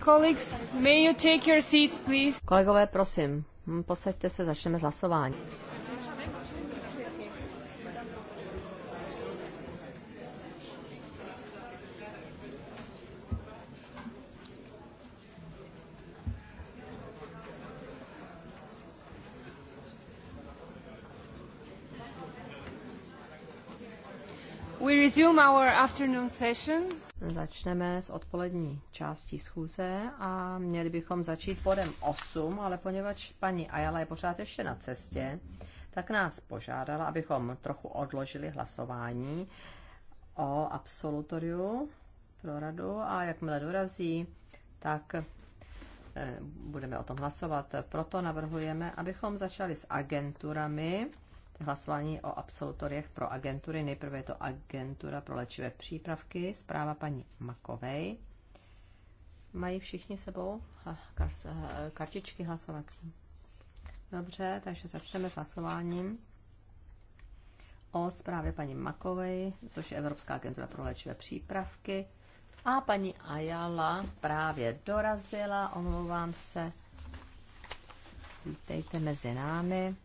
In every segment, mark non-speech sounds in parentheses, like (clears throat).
Colleagues, may you take your seats, please? Kolegové, prosím, posaďte se, začneme s hlasování. We resume our afternoon session. Začneme s odpolední částí schůze a měli bychom začít bodem 8, ale poněvadž paní Ajala je pořád ještě na cestě, tak nás požádala, abychom trochu odložili hlasování o absolutoriu pro radu a jakmile dorazí, tak eh, budeme o tom hlasovat. Proto navrhujeme, abychom začali s agenturami hlasování o absolutoriech pro agentury. Nejprve je to agentura pro léčivé přípravky, zpráva paní Makovej. Mají všichni sebou kartičky hlasovací. Dobře, takže začneme hlasováním o zprávě paní Makovej, což je Evropská agentura pro léčivé přípravky. A paní Ayala právě dorazila, omlouvám se. Vítejte mezi námi.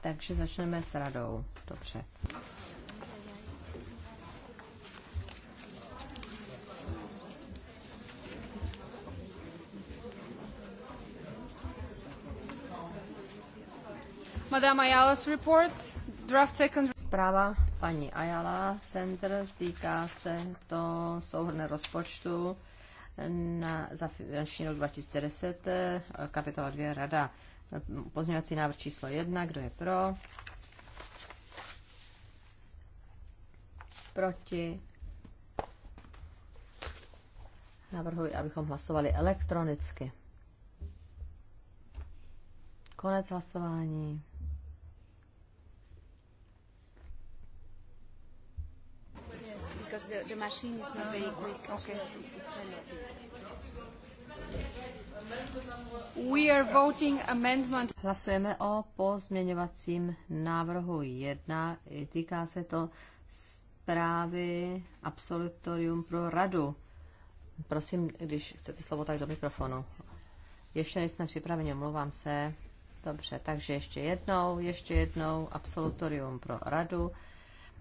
Takže začneme s radou. Dobře. Madame Ayala's report, draft second... Zpráva paní Ayala Center týká se to souhrne rozpočtu na, za finanční rok 2010, eh, kapitola 2 Rada. Pozměňovací návrh číslo 1, kdo je pro? Proti? Navrhuji, abychom hlasovali elektronicky. Konec hlasování. Because the, the machine is not very quick. Okay. We are voting amendment. Hlasujeme o pozměňovacím návrhu 1. Týká se to zprávy absolutorium pro radu. Prosím, když chcete slovo, tak do mikrofonu. Ještě nejsme připraveni, omlouvám se. Dobře, takže ještě jednou, ještě jednou absolutorium pro radu.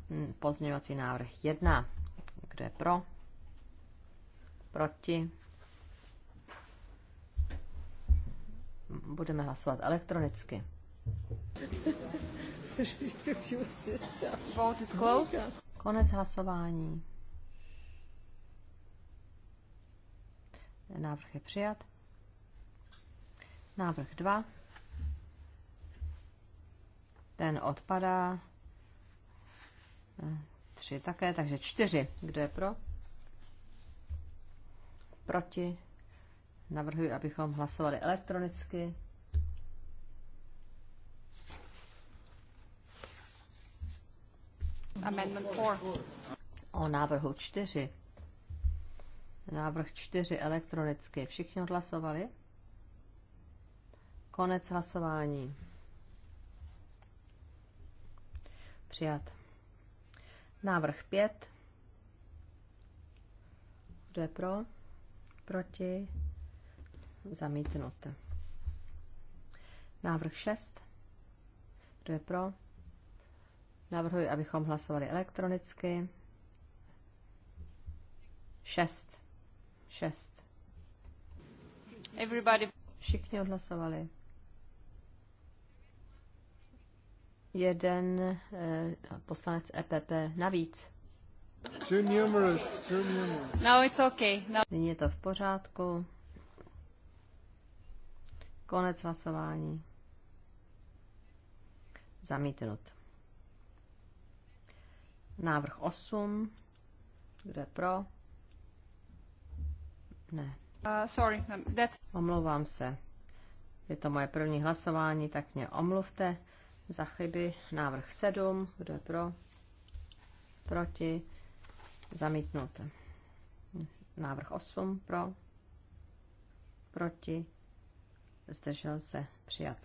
Hm, pozměňovací návrh 1. Kdo je pro? Proti? budeme hlasovat elektronicky. Konec hlasování. Návrh je přijat. Návrh 2. Ten odpadá. 3 eh, také, takže 4. Kdo je pro? Proti? Navrhuji, abychom hlasovali elektronicky. Amendment 4. O návrhu 4. Návrh 4 elektronicky. Všichni odhlasovali? Konec hlasování. Přijat. Návrh 5. Kdo je pro? Proti? Zamítnut. Návrh 6. Kdo je pro? Navrhuji, abychom hlasovali elektronicky. 6. 6. Everybody. Všichni odhlasovali. Jeden eh, poslanec EPP navíc. Too numerous, too numerous. No, it's okay. No. Nyní je to v pořádku. Konec hlasování. Zamítnut. Návrh 8. Kdo je pro? Ne. Uh, sorry, um, that's... Omlouvám se. Je to moje první hlasování, tak mě omluvte za chyby. Návrh 7. Kdo je pro? Proti? Zamítnut. Návrh 8. Pro? Proti? zdržel se přijat.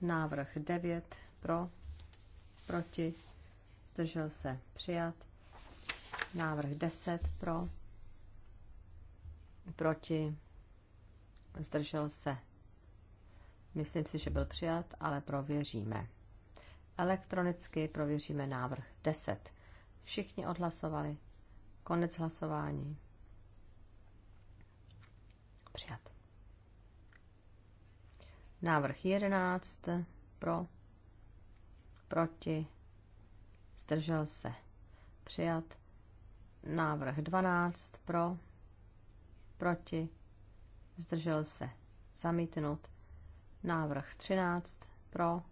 Návrh 9 pro, proti, zdržel se přijat. Návrh 10 pro, proti, zdržel se. Myslím si, že byl přijat, ale prověříme. Elektronicky prověříme návrh 10. Všichni odhlasovali. Konec hlasování. Přijat. Návrh 11 pro, proti, zdržel se, přijat. Návrh 12 pro, proti, zdržel se, zamítnut. Návrh 13 pro,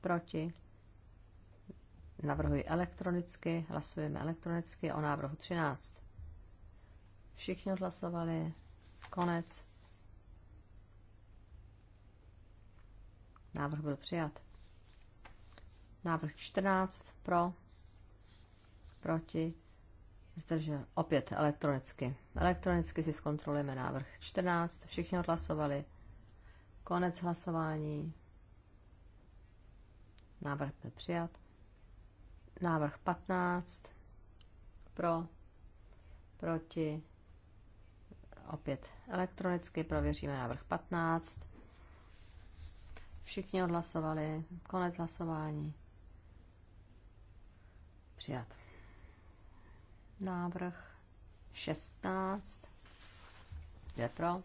proti, navrhuji elektronicky, hlasujeme elektronicky o návrhu 13. Všichni odhlasovali, konec. Návrh byl přijat. Návrh 14 pro, proti, zdržel. Opět elektronicky. Elektronicky si zkontrolujeme návrh 14. Všichni odhlasovali. Konec hlasování. Návrh byl přijat. Návrh 15 pro, proti, opět elektronicky prověříme návrh 15. Všichni odhlasovali. Konec hlasování. Přijat. Návrh 16. Je pro?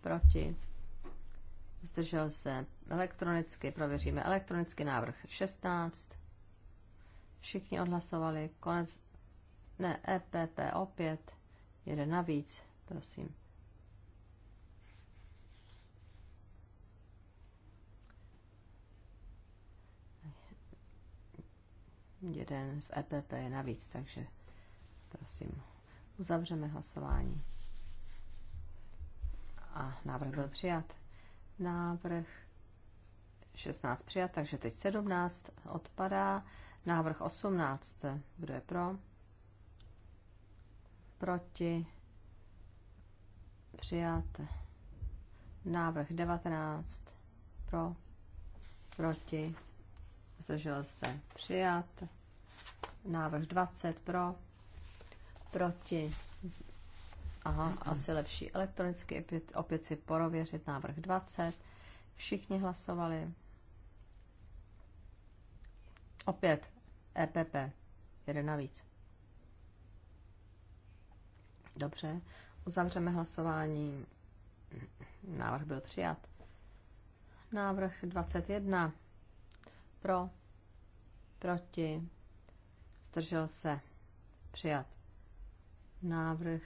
Proti? Zdržel se. Elektronicky prověříme. Elektronicky návrh 16. Všichni odhlasovali. Konec. Ne, EPP opět. Jeden navíc, prosím. Jeden z EPP je navíc, takže prosím, uzavřeme hlasování. A návrh byl přijat. Návrh 16 přijat, takže teď 17 odpadá. Návrh 18. Kdo je pro? Proti? Přijat. Návrh 19. Pro? Proti? zdržel se přijat. Návrh 20 pro, proti, aha, asi lepší elektronicky, opět, opět si porověřit návrh 20. Všichni hlasovali. Opět EPP, jeden navíc. Dobře, uzavřeme hlasování. Návrh byl přijat. Návrh 21 pro, proti, zdržel se, přijat. Návrh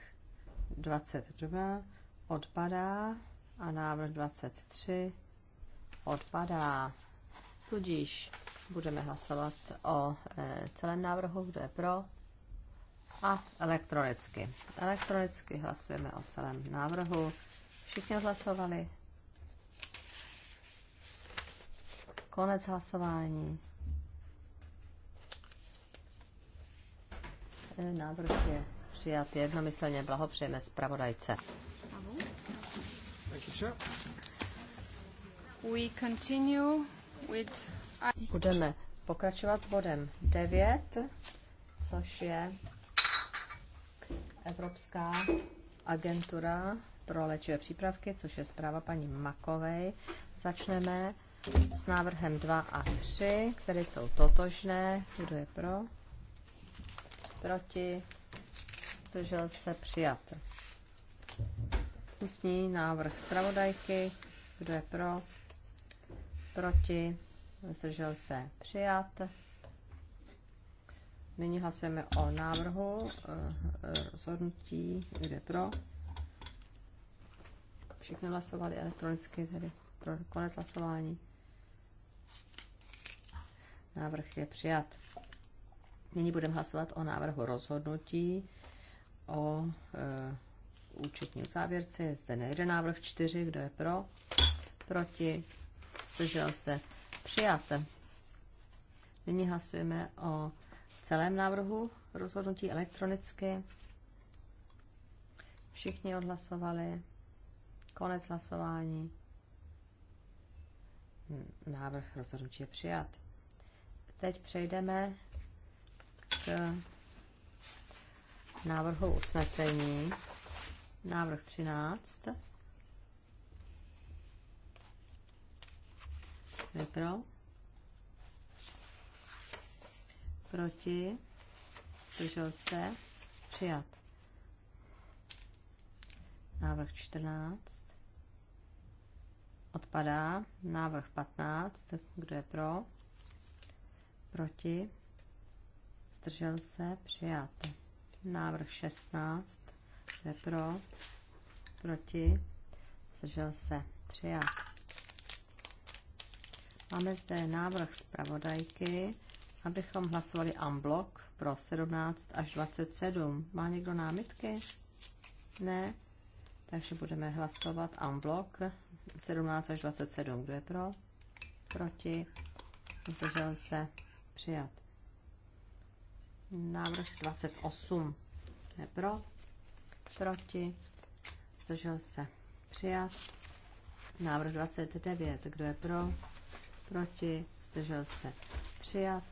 22 odpadá a návrh 23 odpadá. Tudíž budeme hlasovat o e, celém návrhu, kdo je pro a elektronicky. Elektronicky hlasujeme o celém návrhu. Všichni hlasovali. Konec hlasování. E, návrh je přijat jednomyslně. Blahopřejeme zpravodajce. We continue with... Budeme pokračovat s bodem 9, což je Evropská agentura pro léčivé přípravky, což je zpráva paní Makovej. Začneme s návrhem 2 a 3, které jsou totožné. Kdo je pro? Proti? Držel se přijat. Ústní návrh zpravodajky. Kdo je pro? Proti? Zdržel se přijat. Nyní hlasujeme o návrhu eh, eh, rozhodnutí, je pro. Všichni hlasovali elektronicky, tedy pro konec hlasování. Návrh je přijat. Nyní budeme hlasovat o návrhu rozhodnutí o e, účetní závěrce. Je zde nejde návrh čtyři. Kdo je pro? Proti? Zdržel se? Přijat. Nyní hlasujeme o celém návrhu rozhodnutí elektronicky. Všichni odhlasovali. Konec hlasování. Hm, návrh rozhodnutí je přijat. Teď přejdeme k návrhu usnesení. Návrh 13. Kdo pro? Proti? Zdržel se? Přijat. Návrh 14. Odpadá. Návrh 15. Kdo je pro? proti, zdržel se, přijat. Návrh 16, je pro, proti, zdržel se, přijat. Máme zde návrh zpravodajky, abychom hlasovali unblock pro 17 až 27. Má někdo námitky? Ne? Takže budeme hlasovat unblock 17 až 27. Kdo je pro? Proti? Zdržel se? Přijat. Návrh 28. Je pro. Proti. Zdržel se. Přijat. Návrh 29. Kdo je pro? Proti. Zdržel se. Přijat.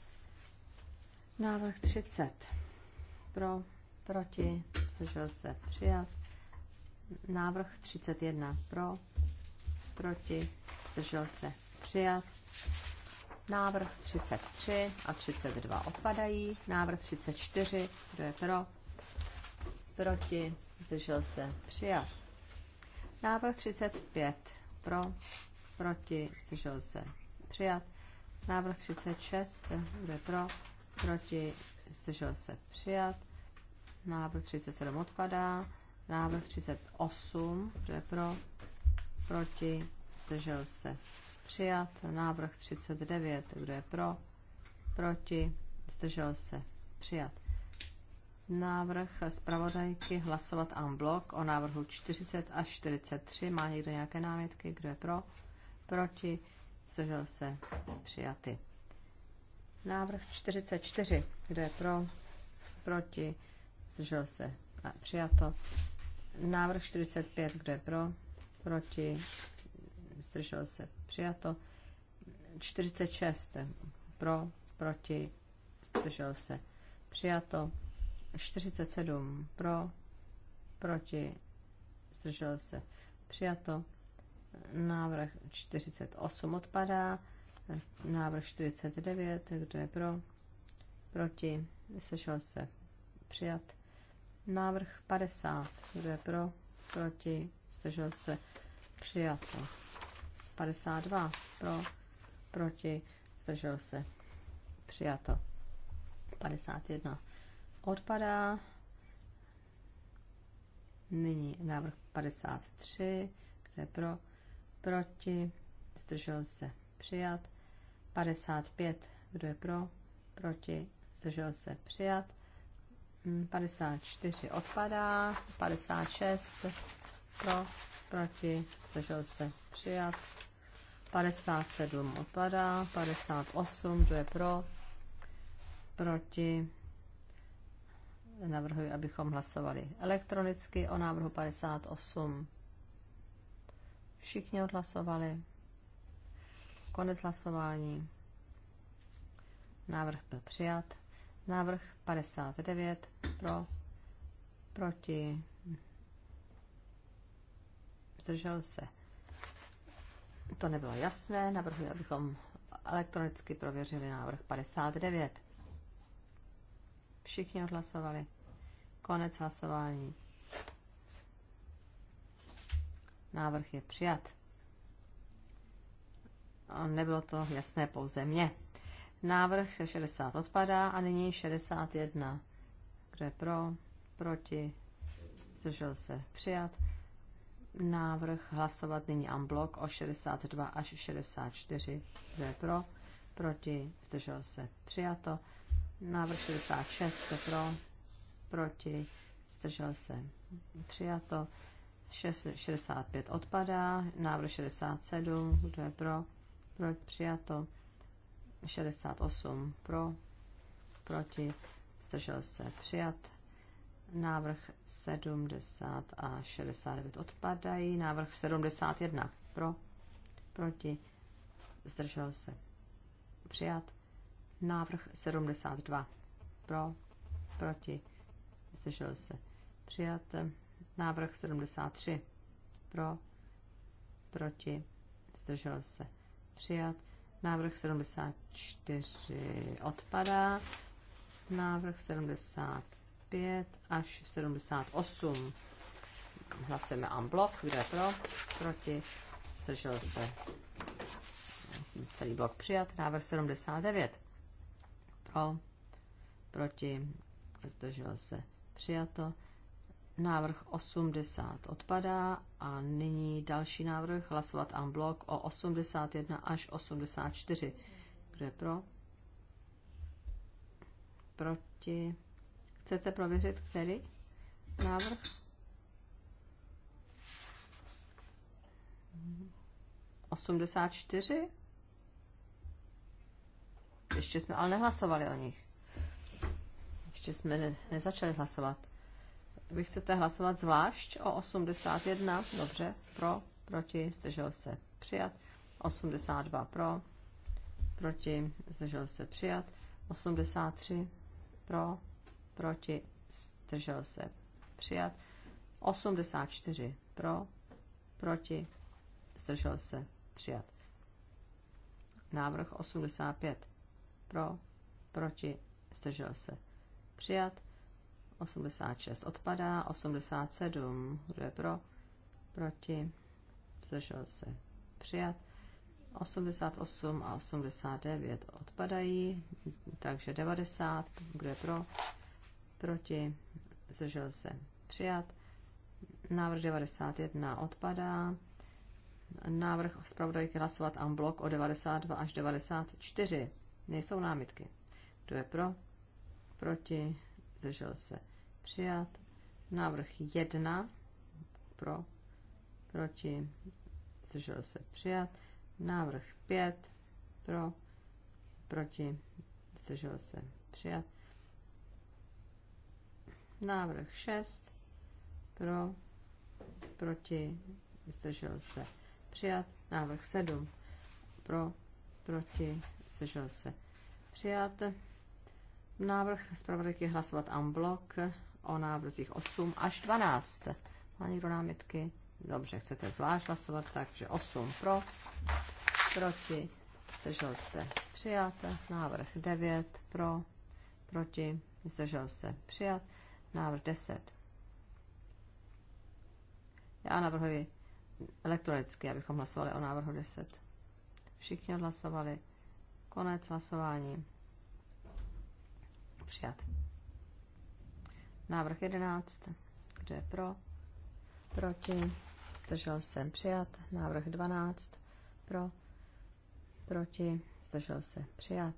Návrh 30. Pro. Proti. Zdržel se. Přijat. Návrh 31. Pro. Proti. Zdržel se. Přijat. Návrh 33 a 32 odpadají. Návrh 34, kdo je pro? Proti, zdržel se, přijat. Návrh 35, pro, proti, zdržel se, přijat. Návrh 36, kdo je pro? Proti, zdržel se, přijat. Návrh 37 odpadá. Návrh 38, kdo je pro? Proti, zdržel se, Přijat návrh 39. Kdo je pro? Proti? Zdržel se. Přijat. Návrh zpravodajky hlasovat en blok o návrhu 40 až 43. Má někdo nějaké námitky? Kdo je pro? Proti? Zdržel se. Přijaty. Návrh 44. Kdo je pro? Proti? Zdržel se. Přijato. Návrh 45. Kdo je pro? Proti? zdržel se, přijato. 46 pro, proti, zdržel se, přijato. 47 pro, proti, zdržel se, přijato. Návrh 48 odpadá. Návrh 49, kdo je pro, proti, zdržel se, přijat. Návrh 50, kdo je pro, proti, zdržel se, přijato. 52 pro, proti, zdržel se, přijato. 51 odpadá. Nyní návrh 53, kde pro, proti, zdržel se, přijat. 55, kdo je pro, proti, zdržel se, přijat. 54 odpadá, 56 pro, proti, zdržel se, přijat. Mm, 57 odpadá, 58, kdo je pro, proti. Navrhuji, abychom hlasovali elektronicky o návrhu 58. Všichni odhlasovali. Konec hlasování. Návrh byl přijat. Návrh 59 pro, proti, zdržel se to nebylo jasné, navrhuji, abychom elektronicky prověřili návrh 59. Všichni odhlasovali. Konec hlasování. Návrh je přijat. A nebylo to jasné pouze mně. Návrh 60 odpadá a nyní 61. Kdo je pro? Proti? Zdržel se? Přijat návrh hlasovat nyní amblok o 62 až 64. Kdo je pro? Proti? Zdržel se? Přijato. Návrh 66. Kdo pro? Proti? Zdržel se? Přijato. 65 odpadá. Návrh 67. Kdo je pro? Proti? Přijato. 68 pro? Proti? Zdržel se? Přijat. Návrh 70 a 69 odpadají. Návrh 71 pro, proti, zdržel se. Přijat. Návrh 72 pro, proti, zdržel se. Přijat. Návrh 73 pro, proti, zdržel se. Přijat. Návrh 74 odpadá. Návrh 75 75 až 78. Hlasujeme unblock, kdo je pro, proti, zdržel se celý blok přijat. Návrh 79. Pro, proti, zdržel se přijato. Návrh 80 odpadá a nyní další návrh hlasovat en blok o 81 až 84. Kdo je pro? Proti? Chcete prověřit, který návrh? Osmdesát čtyři? Ještě jsme ale nehlasovali o nich. Ještě jsme ne, nezačali hlasovat. Vy chcete hlasovat zvlášť o 81? Dobře, pro, proti, zdržel se přijat. 82 pro, proti, zdržel se přijat. 83 pro, proti, zdržel se přijat. 84 pro, proti, zdržel se přijat. Návrh 85 pro, proti, zdržel se přijat. 86 odpadá, 87, kdo je pro, proti, zdržel se přijat. 88 a 89 odpadají, takže 90, kdo je pro, proti, zdržel se přijat. Návrh 91 odpadá. Návrh zpravodajky hlasovat en blok o 92 až 94. Nejsou námitky. Kdo je pro? Proti? Zdržel se přijat. Návrh 1 pro, proti, zdržel se přijat. Návrh 5 pro, proti, zdržel se přijat. Návrh 6 pro, proti, zdržel se přijat. Návrh 7 pro, proti, zdržel se přijat. Návrh zpravodajky je hlasovat unblock o návrzích 8 až 12. Má někdo námitky? Dobře, chcete zvlášť hlasovat, takže 8 pro, proti, zdržel se přijat. Návrh 9 pro, proti, zdržel se přijat. Návrh 10. Já navrhuji elektronicky, abychom hlasovali o návrhu 10. Všichni odhlasovali. Konec hlasování. Přijat. Návrh 11. Kdo je pro? Proti. Zdržel se. Přijat. Návrh 12. Pro. Proti. Zdržel se. Přijat.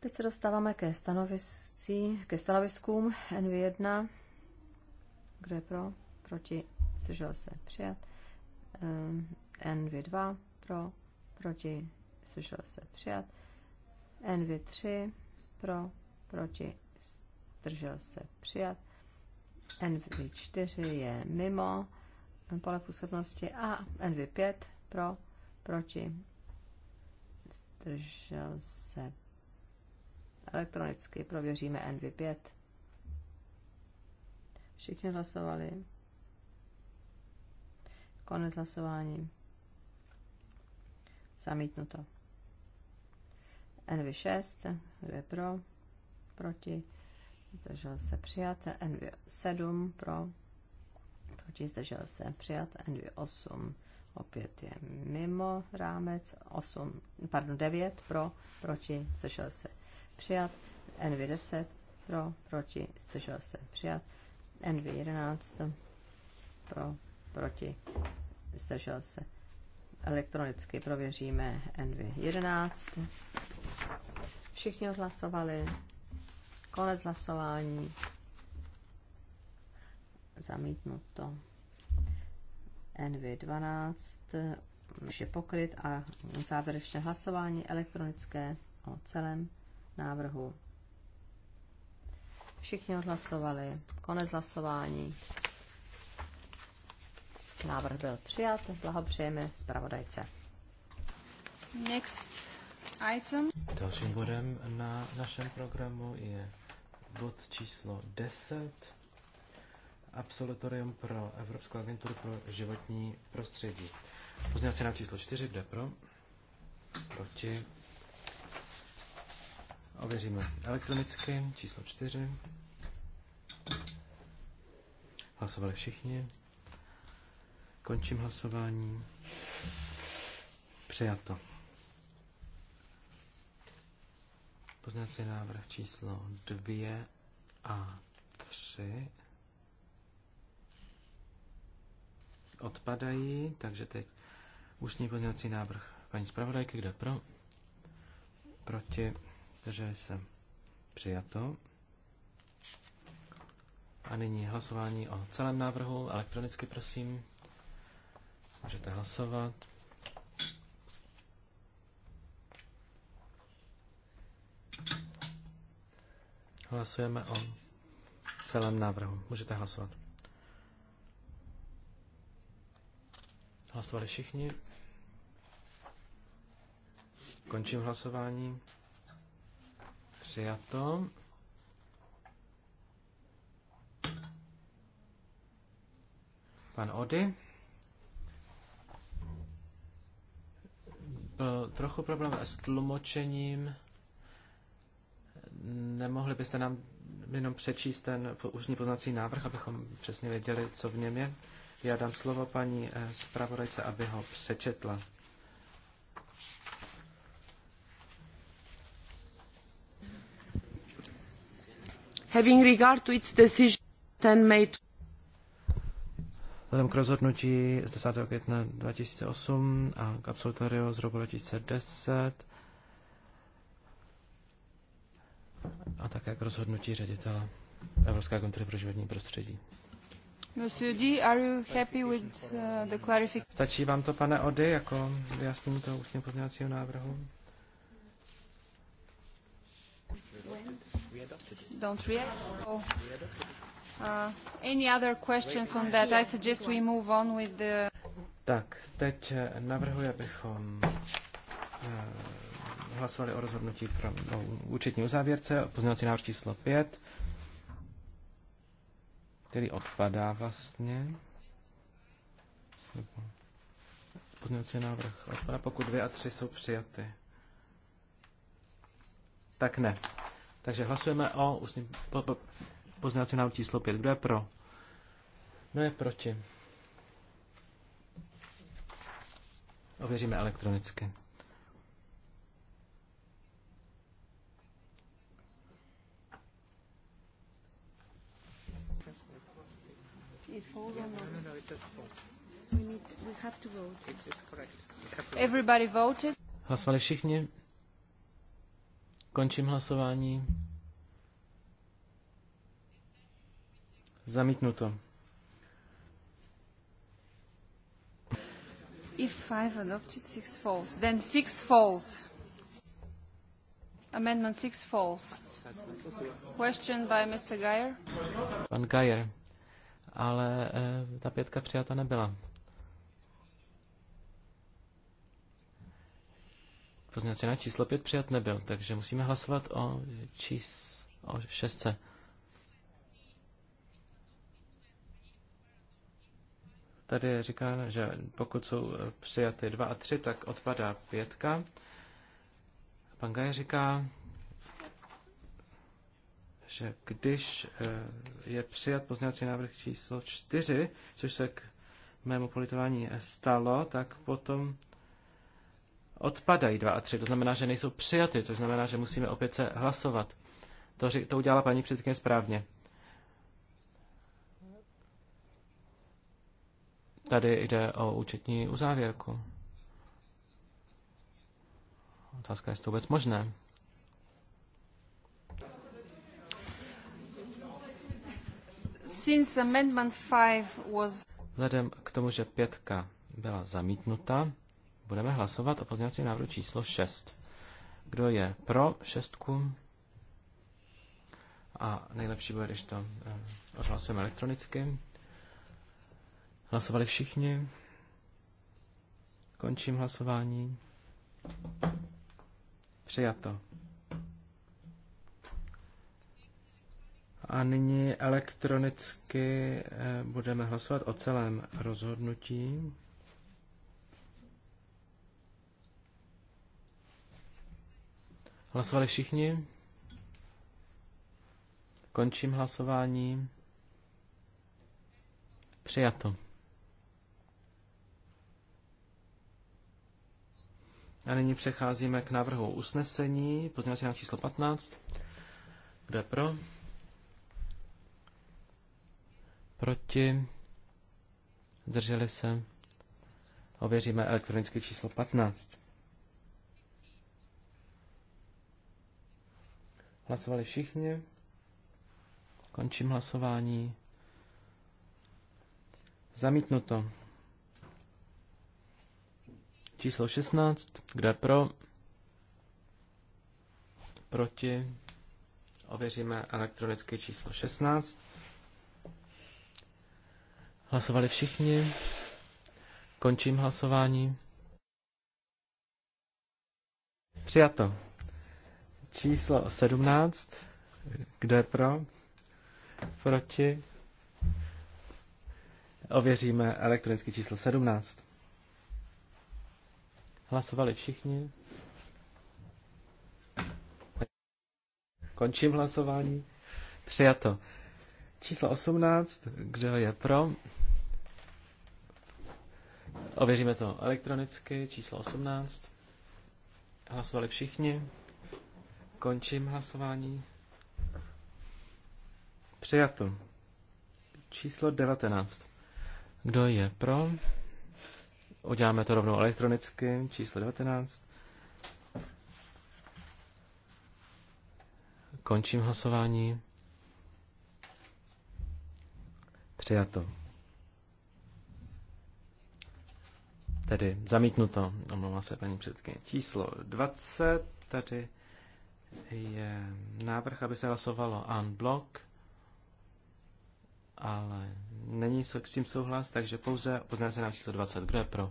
Teď se dostáváme ke, stanovisci, ke stanoviskům NV1. Kdo je pro? Proti? Zdržel se? Přijat. Eh, NV2 pro? Proti? Zdržel se? Přijat. NV3 pro? Proti? Zdržel se? Přijat. NV4 je mimo pole působnosti a NV5 pro? Proti? Zdržel se? Elektronicky prověříme NV5. Všichni hlasovali. Konec hlasování. Zamítnuto. NV6, kdo je pro, proti, zdržel se přijat, NV7 pro, proti, zdržel se přijat, NV8 opět je mimo rámec, 8, pardon, 9 pro, proti, zdržel se přijat, NV10 pro, proti, zdržel se přijat, NV11 pro, proti, zdržel se. Elektronicky prověříme NV11. Všichni odhlasovali. Konec hlasování. Zamítnuto. NV12 už je pokryt a závěrečné hlasování elektronické o celém návrhu. Všichni odhlasovali. Konec hlasování. Návrh byl přijat. Blahopřejeme zpravodajce. Next item. Dalším bodem na našem programu je bod číslo 10. Absolutorium pro Evropskou agenturu pro životní prostředí. Pozměňovací na číslo 4, kde pro? Proti Ověříme elektronicky, číslo čtyři. Hlasovali všichni. Končím hlasování. Přijato. Poznací návrh číslo dvě a tři. odpadají, takže teď ústní pozměňovací návrh paní zpravodajky, kde pro, proti, zdrželi se, přijato. A nyní hlasování o celém návrhu, elektronicky prosím. Můžete hlasovat. Hlasujeme o celém návrhu. Můžete hlasovat. Hlasovali všichni. Končím hlasování. Přijato. Pan Ody. Byl trochu problém s tlumočením. Nemohli byste nám jenom přečíst ten ústní poznací návrh, abychom přesně věděli, co v něm je. Já dám slovo paní eh, zpravodajce, aby ho přečetla. having regard to its decision then made Vzhledem k rozhodnutí z 10. května 2008 a k absolutoriu z roku 2010 a také k rozhodnutí ředitele Evropské agentury pro životní prostředí. Monsieur D, are you happy with uh, the clarification? Stačí vám to, pane Ody, jako vyjasnění toho ústně pozměňovacího návrhu? don't react. So, oh. uh, any other questions on that? I suggest we move on with the... Tak, teď navrhuji, abychom uh, hlasovali o rozhodnutí pro no, účetní uzávěrce, pozměňovací návrh číslo 5, který odpadá vlastně. Pozměňovací návrh odpadá, pokud dvě a tři jsou přijaty. Tak ne. Takže hlasujeme o ústním po, po, poznávací návrhu číslo 5. Kdo je pro? Kdo je proti? Ověříme elektronicky. Hlasovali všichni? Končím hlasování. Zamítnuto. If five adopted, six falls. Then six falls. Amendment six falls. Question by Mr. Geyer. Pan Geyer. Ale eh, ta pětka přijata nebyla. pozměnací na číslo 5 přijat nebyl, takže musíme hlasovat o čís, o šestce. Tady je říkáno, že pokud jsou přijaty 2 a 3, tak odpadá pětka. Pan Gaj říká, že když eh, je přijat pozměnací návrh číslo 4, což se k mému politování stalo, tak potom odpadají dva a tři. to znamená, že nejsou přijaty, což znamená, že musíme opět se hlasovat. To, to udělala paní předsedkyně správně. Tady jde o účetní uzávěrku. Otázka jestli to vůbec možné. Since amendment 5 was... Vzhledem k tomu, že pětka byla zamítnuta, Budeme hlasovat o pozměňovacím návrhu číslo 6. Kdo je pro šestku? A nejlepší bude, když to eh, odhlasujeme elektronicky. Hlasovali všichni. Končím hlasování. Přijato. A nyní elektronicky eh, budeme hlasovat o celém rozhodnutí. Hlasovali všichni? Končím hlasování. Přijato. A nyní přecházíme k návrhu usnesení, pozměňovací návrh číslo 15. Kdo je pro? Proti? Zdrželi se? Ověříme elektronické číslo 15. Hlasovali všichni. Končím hlasování. Zamítnuto. Číslo 16. Kdo je pro? Proti? Ověříme elektronické číslo 16. Hlasovali všichni. Končím hlasování. Přijato. Číslo 17. Kdo je pro? Proti? Ověříme elektronické číslo 17. Hlasovali všichni. Končím hlasování. Přijato. Číslo 18. Kdo je pro? Ověříme to elektronicky. Číslo 18. Hlasovali všichni. Končím hlasování. Přijato. Číslo 19. Kdo je pro? Uděláme to rovnou elektronicky. Číslo 19. Končím hlasování. Přijato. Tedy zamítnuto, omlouvá se paní předsedkyně. Číslo 20, tady je návrh, aby se hlasovalo unblock, ale není s tím souhlas, takže pouze pozná se na číslo 20. Kdo je pro?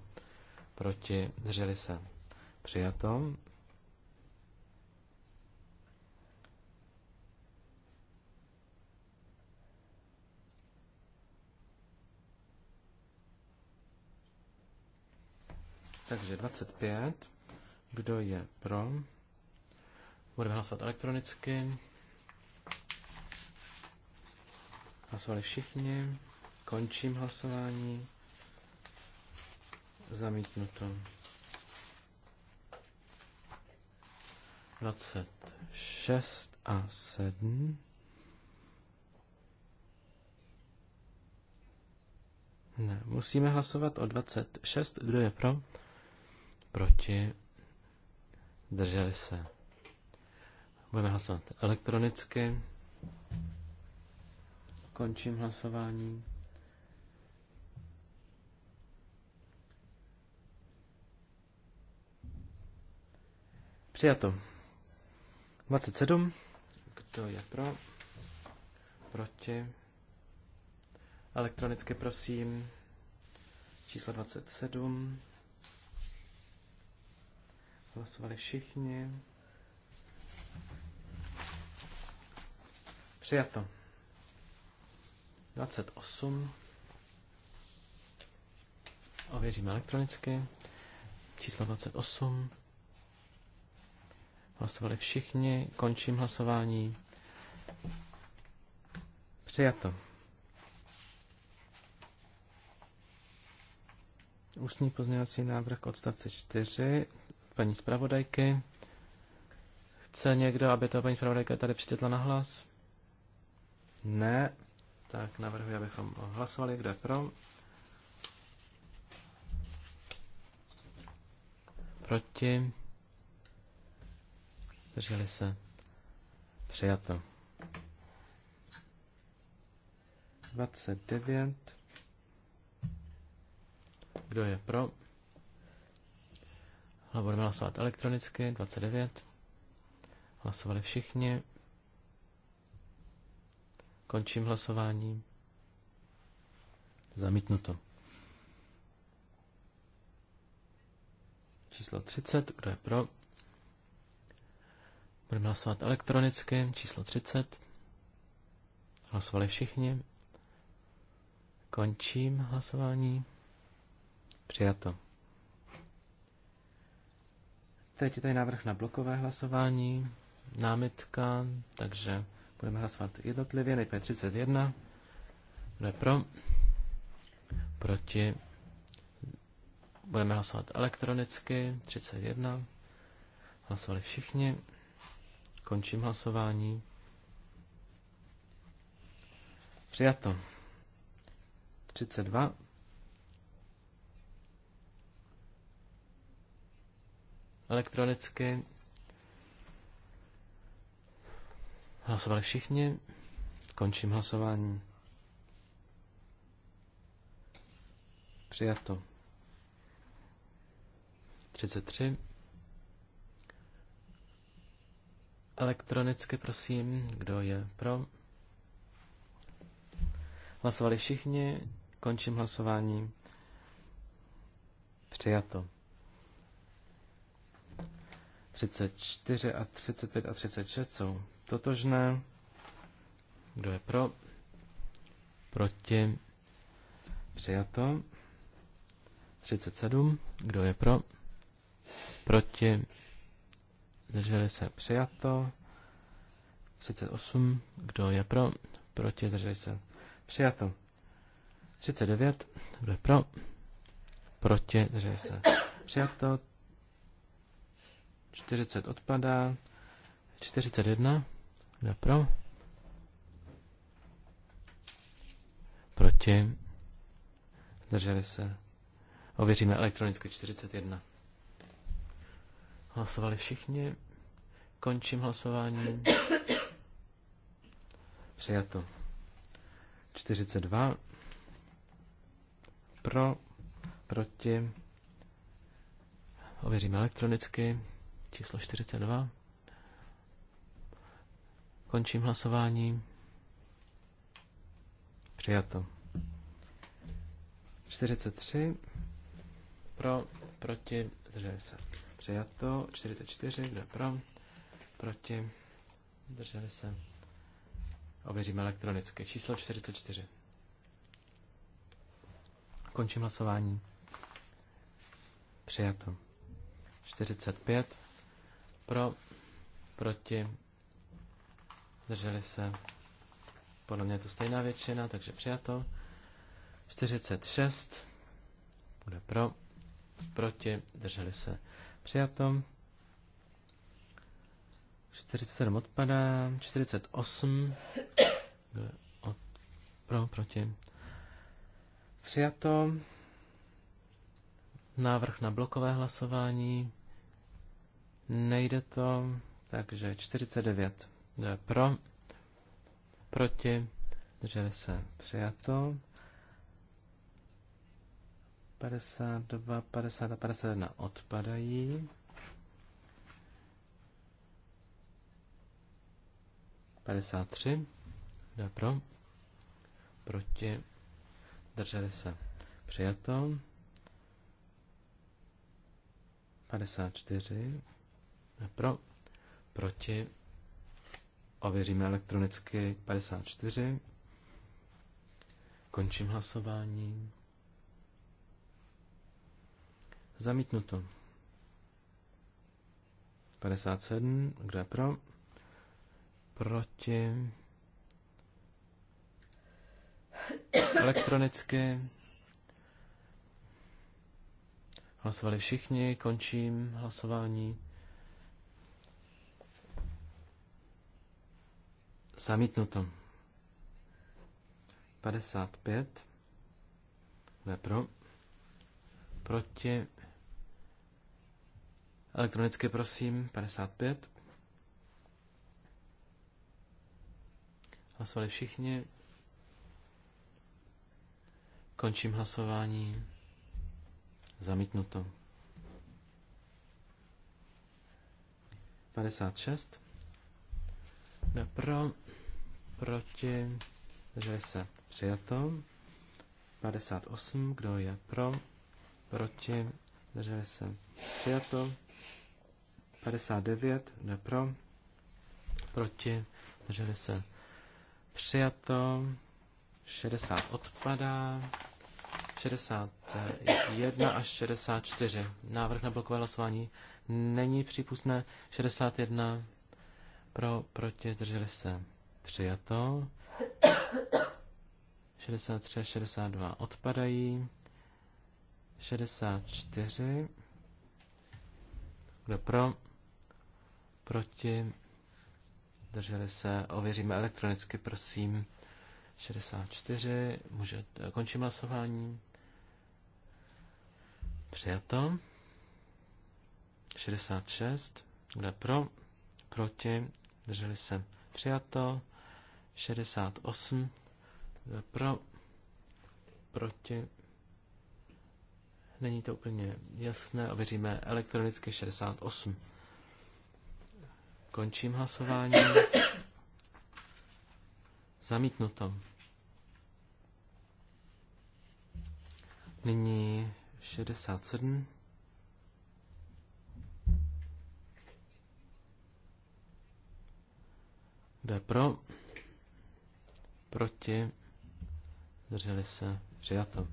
Proti? zřeli se. Přijato. Takže 25. Kdo je pro? Budeme hlasovat elektronicky. Hlasovali všichni. Končím hlasování. Zamítnuto. 26 a 7. Ne, musíme hlasovat o 26. Kdo je pro? Proti. Drželi se. Budeme hlasovat elektronicky. Končím hlasování. Přijato. 27. Kdo je pro? Proti? Elektronicky prosím. Číslo 27. Hlasovali všichni. Přijato. 28. Ověříme elektronicky. Číslo 28. Hlasovali všichni. Končím hlasování. Přijato. Ústní pozměňovací návrh k odstavci 4 paní zpravodajky. Chce někdo, aby ta paní zpravodajka tady přitětla na hlas? Ne. Tak navrhuji, abychom hlasovali, kdo je pro. Proti. Drželi se. Přijato. 29. Kdo je pro? Ale budeme hlasovat elektronicky. 29. Hlasovali všichni. Končím hlasování. Zamítnuto. Číslo 30, kdo je pro? Budeme hlasovat elektronicky, číslo 30. Hlasovali všichni. Končím hlasování. Přijato. Teď je tady návrh na blokové hlasování, námitka, takže Budeme hlasovat jednotlivě. Nejprve 31. Kdo je pro? Proti? Budeme hlasovat elektronicky. 31. Hlasovali všichni. Končím hlasování. Přijato. 32. Elektronicky Hlasovali všichni. Končím hlasování. Přijato. 33. Elektronicky prosím, kdo je pro. Hlasovali všichni, končím hlasování. Přijato. 34 a 35 a 36 jsou totožné. Kdo je pro? Proti? Přijato. 37. Kdo je pro? Proti? Zdrželi se. Přijato. 38. Kdo je pro? Proti? Zdrželi se. Přijato. 39. Kdo je pro? Proti? Zdrželi se. Přijato. 40 odpadá. 41 napravo. Proti? Zdrželi se. Ověříme elektronicky 41. Hlasovali všichni. Končím hlasování. Přijato. 42. Pro, proti. Ověříme elektronicky. Číslo 42. Končím hlasování. Přijato. 43 pro, proti, zdrželi se. Přijato. 44, kdo je pro, proti, zdrželi se. Ověříme elektronické číslo 44. Končím hlasování. Přijato. 45 pro, proti, Drželi se. Podle mě je to stejná většina, takže přijato. 46. Bude pro. Proti. Drželi se. Přijato. 47 odpadá. 48. Bude od, pro. Proti. Přijato. Návrh na blokové hlasování. Nejde to. Takže 49 je pro, proti, drželi se přijato. 52, 50 a 51 odpadají. 53, kdo je pro, proti, drželi se přijato. 54, pro, proti, Ověříme elektronicky 54. Končím hlasování. Zamítnuto. 57. Kdo je pro? Proti. Elektronicky. Hlasovali všichni. Končím hlasování. Zamítnuto. 55. Ne pro. Proti. Elektronicky prosím. 55. Hlasovali všichni. Končím hlasování. Zamítnuto. 56. Ne pro proti, že se přijato. 58, kdo je pro, proti, zdrželi se přijato. 59, kdo je pro, proti, zdrželi se přijato. 60 odpadá. 61 až 64. Návrh na blokové hlasování není přípustné. 61 pro, proti, zdrželi se Přijato. 63 a 62 odpadají. 64. Kdo pro? Proti? Drželi se. Ověříme elektronicky, prosím. 64. Může, končím hlasování. Přijato. 66. Kdo pro? Proti? Drželi se. Přijato. 68 pro, proti. Není to úplně jasné, a věříme elektronicky 68. Končím hlasování. Zamítnuto. Nyní 67. Jde pro. Proti? Zdrželi se? Přijato.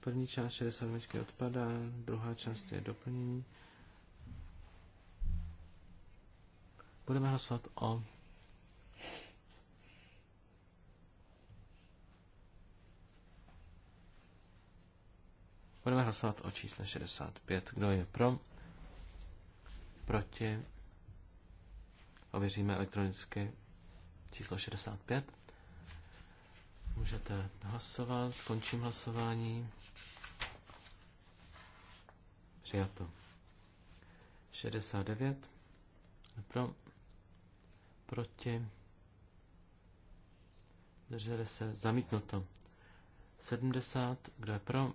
První část 67 odpadá, druhá část je doplnění. Budeme hlasovat o Budeme hlasovat o čísle 65. Kdo je pro? proti, ověříme elektronicky číslo 65. Můžete hlasovat, končím hlasování. Přijato. 69. Pro. Proti. Drželi se. Zamítnuto. 70. Kdo je pro?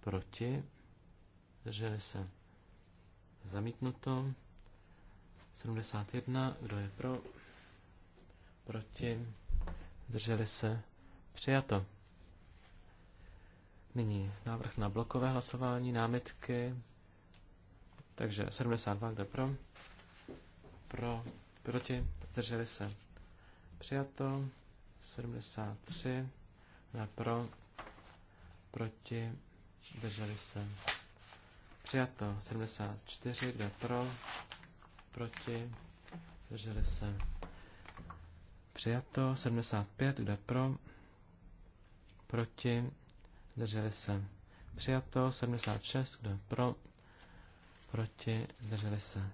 Proti. Drželi se. Zamítnuto. 71. Kdo je pro? Proti? Drželi se? Přijato. Nyní návrh na blokové hlasování, námitky. Takže 72, je pro? Pro, proti, drželi se. Přijato. 73, je pro, proti, drželi se. Přijato 74, kdo pro, proti, drželi se. Přijato 75, kdo pro, proti, drželi se. Přijato 76, kdo pro, proti, drželi se.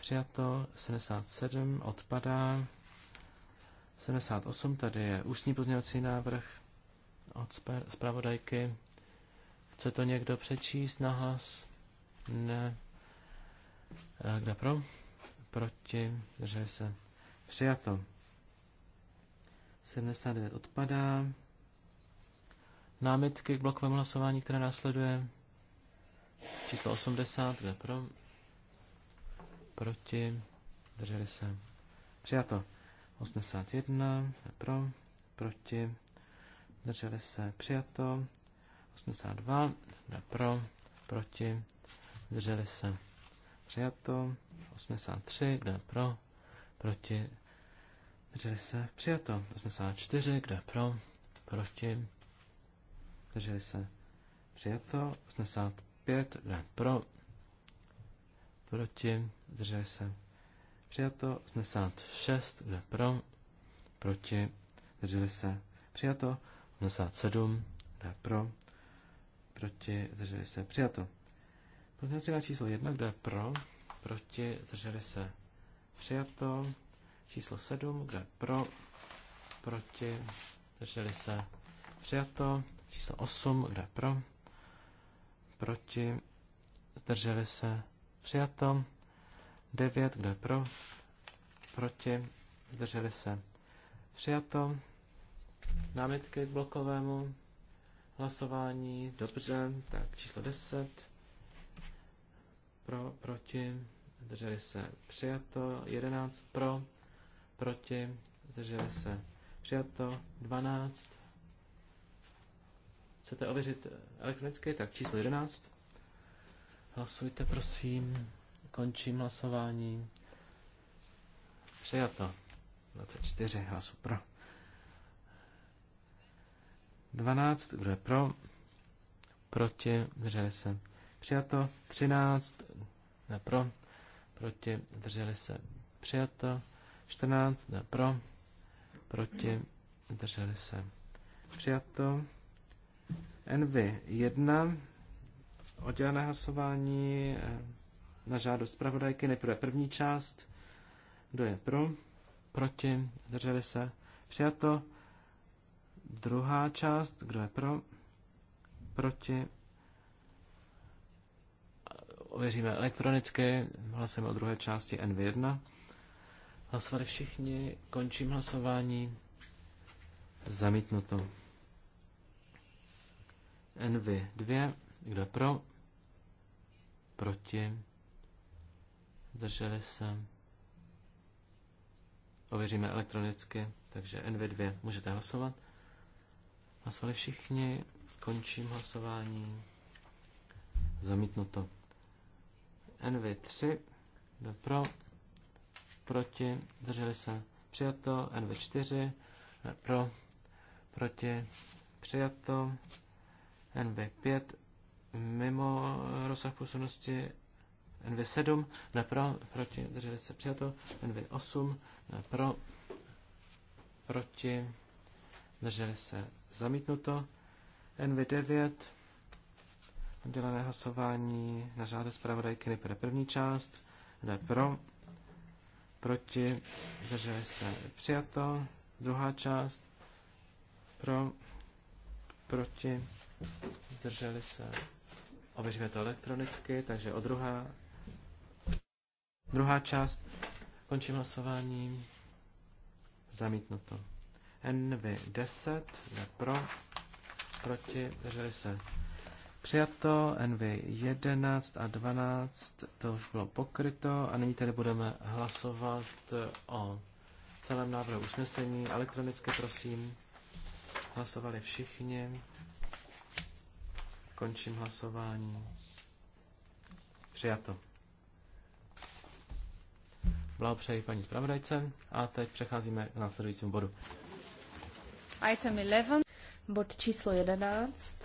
Přijato 77, odpadá. 78, tady je ústní pozměňovací návrh od zpravodajky. Chce to někdo přečíst na hlas? Ne. Kde pro? Proti. že se. Přijato. 79 odpadá. Námitky k blokovému hlasování, které následuje. Číslo 80, kde pro? Proti. Drželi se. Přijato. 81, pro, proti, drželi se, přijato. 82, pro, proti, zdrželi se přijato, 83, kdo je pro, proti, zdrželi se přijato, 84, kdo je pro, proti, zdrželi se přijato, 85, kdo je pro, proti, zdrželi se přijato, 86, kdo je pro, proti, zdrželi se přijato, 87, kdo je pro, proti, zdrželi se přijato. Pozměňovací na číslo 1, kdo je pro? Proti? Zdrželi se? Přijato. Číslo 7, kdo je pro? Proti? Zdrželi se? Přijato. Číslo 8, kdo je pro? Proti? Zdrželi se? Přijato. 9, kdo je pro? Proti? Zdrželi se? Přijato. Námitky k blokovému hlasování. Dobře, tak číslo 10 pro, proti, zdrželi se přijato, 11 pro, proti, zdrželi se přijato, 12. Chcete ověřit eh, elektronicky? Tak číslo 11. Hlasujte, prosím. Končím hlasování. Přijato. 24 hlasů pro. 12, kdo je pro? Proti, zdrželi se přijato. 13 ne pro, proti, drželi se, přijato. 14 ne pro, proti, drželi se, přijato. nv 1, oddělené hlasování eh, na žádost zpravodajky, nejprve první část, kdo je pro, proti, drželi se, přijato. Druhá část, kdo je pro, proti, ověříme elektronicky. Hlasujeme o druhé části NV1. Hlasovali všichni. Končím hlasování. Zamítnuto. NV2. Kdo je pro? Proti? Drželi se? Ověříme elektronicky, takže NV2. Můžete hlasovat. Hlasovali všichni. Končím hlasování. Zamítnuto. NV3, byl pro, proti, drželi se, přijato, NV4, pro, proti, přijato, NV5, mimo rozsah působnosti, NV7, ne pro, proti, drželi se, přijato, NV8, ne pro, proti, drželi se, zamítnuto, NV9, Oddělené hlasování na žádost zpravodajky nejprve první část. Kdo pro? Proti? Zdrželi se přijato. Druhá část. Pro? Proti? Zdrželi se. Ověříme to elektronicky, takže o druhá. Druhá část. Končím hlasování. Zamítnuto. NV10 je pro, proti, zdrželi se Přijato NV11 a 12, to už bylo pokryto a nyní tedy budeme hlasovat o celém návrhu usnesení. Elektronicky prosím, hlasovali všichni. Končím hlasování. Přijato. Blahopřeji paní zpravodajce a teď přecházíme k následujícímu bodu. Item 11. Bod číslo 11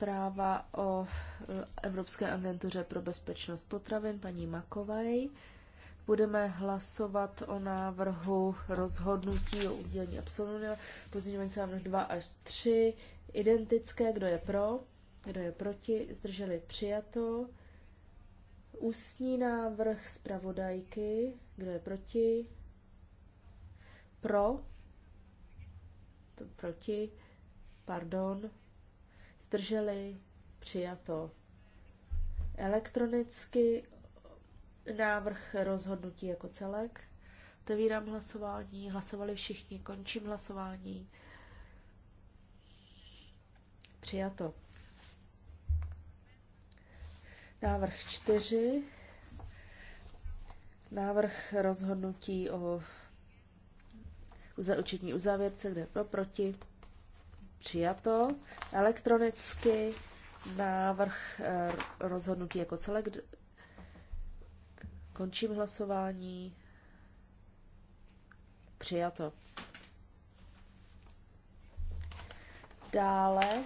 Zpráva o eh, Evropské agentuře pro bezpečnost potravin paní Makovej. Budeme hlasovat o návrhu rozhodnutí o udělení absolutního Pozměňovací návrh 2 až 3. Identické, kdo je pro, kdo je proti, zdrželi přijato. Ústní návrh zpravodajky, kdo je proti, pro, proti, pardon, zdrželi, přijato. Elektronicky návrh rozhodnutí jako celek. Otevírám hlasování, hlasovali všichni, končím hlasování. Přijato. Návrh čtyři Návrh rozhodnutí o účetní uzávěrce, kde pro, proti, přijato elektronicky. Návrh eh, rozhodnutí jako celek. Končím hlasování. Přijato. Dále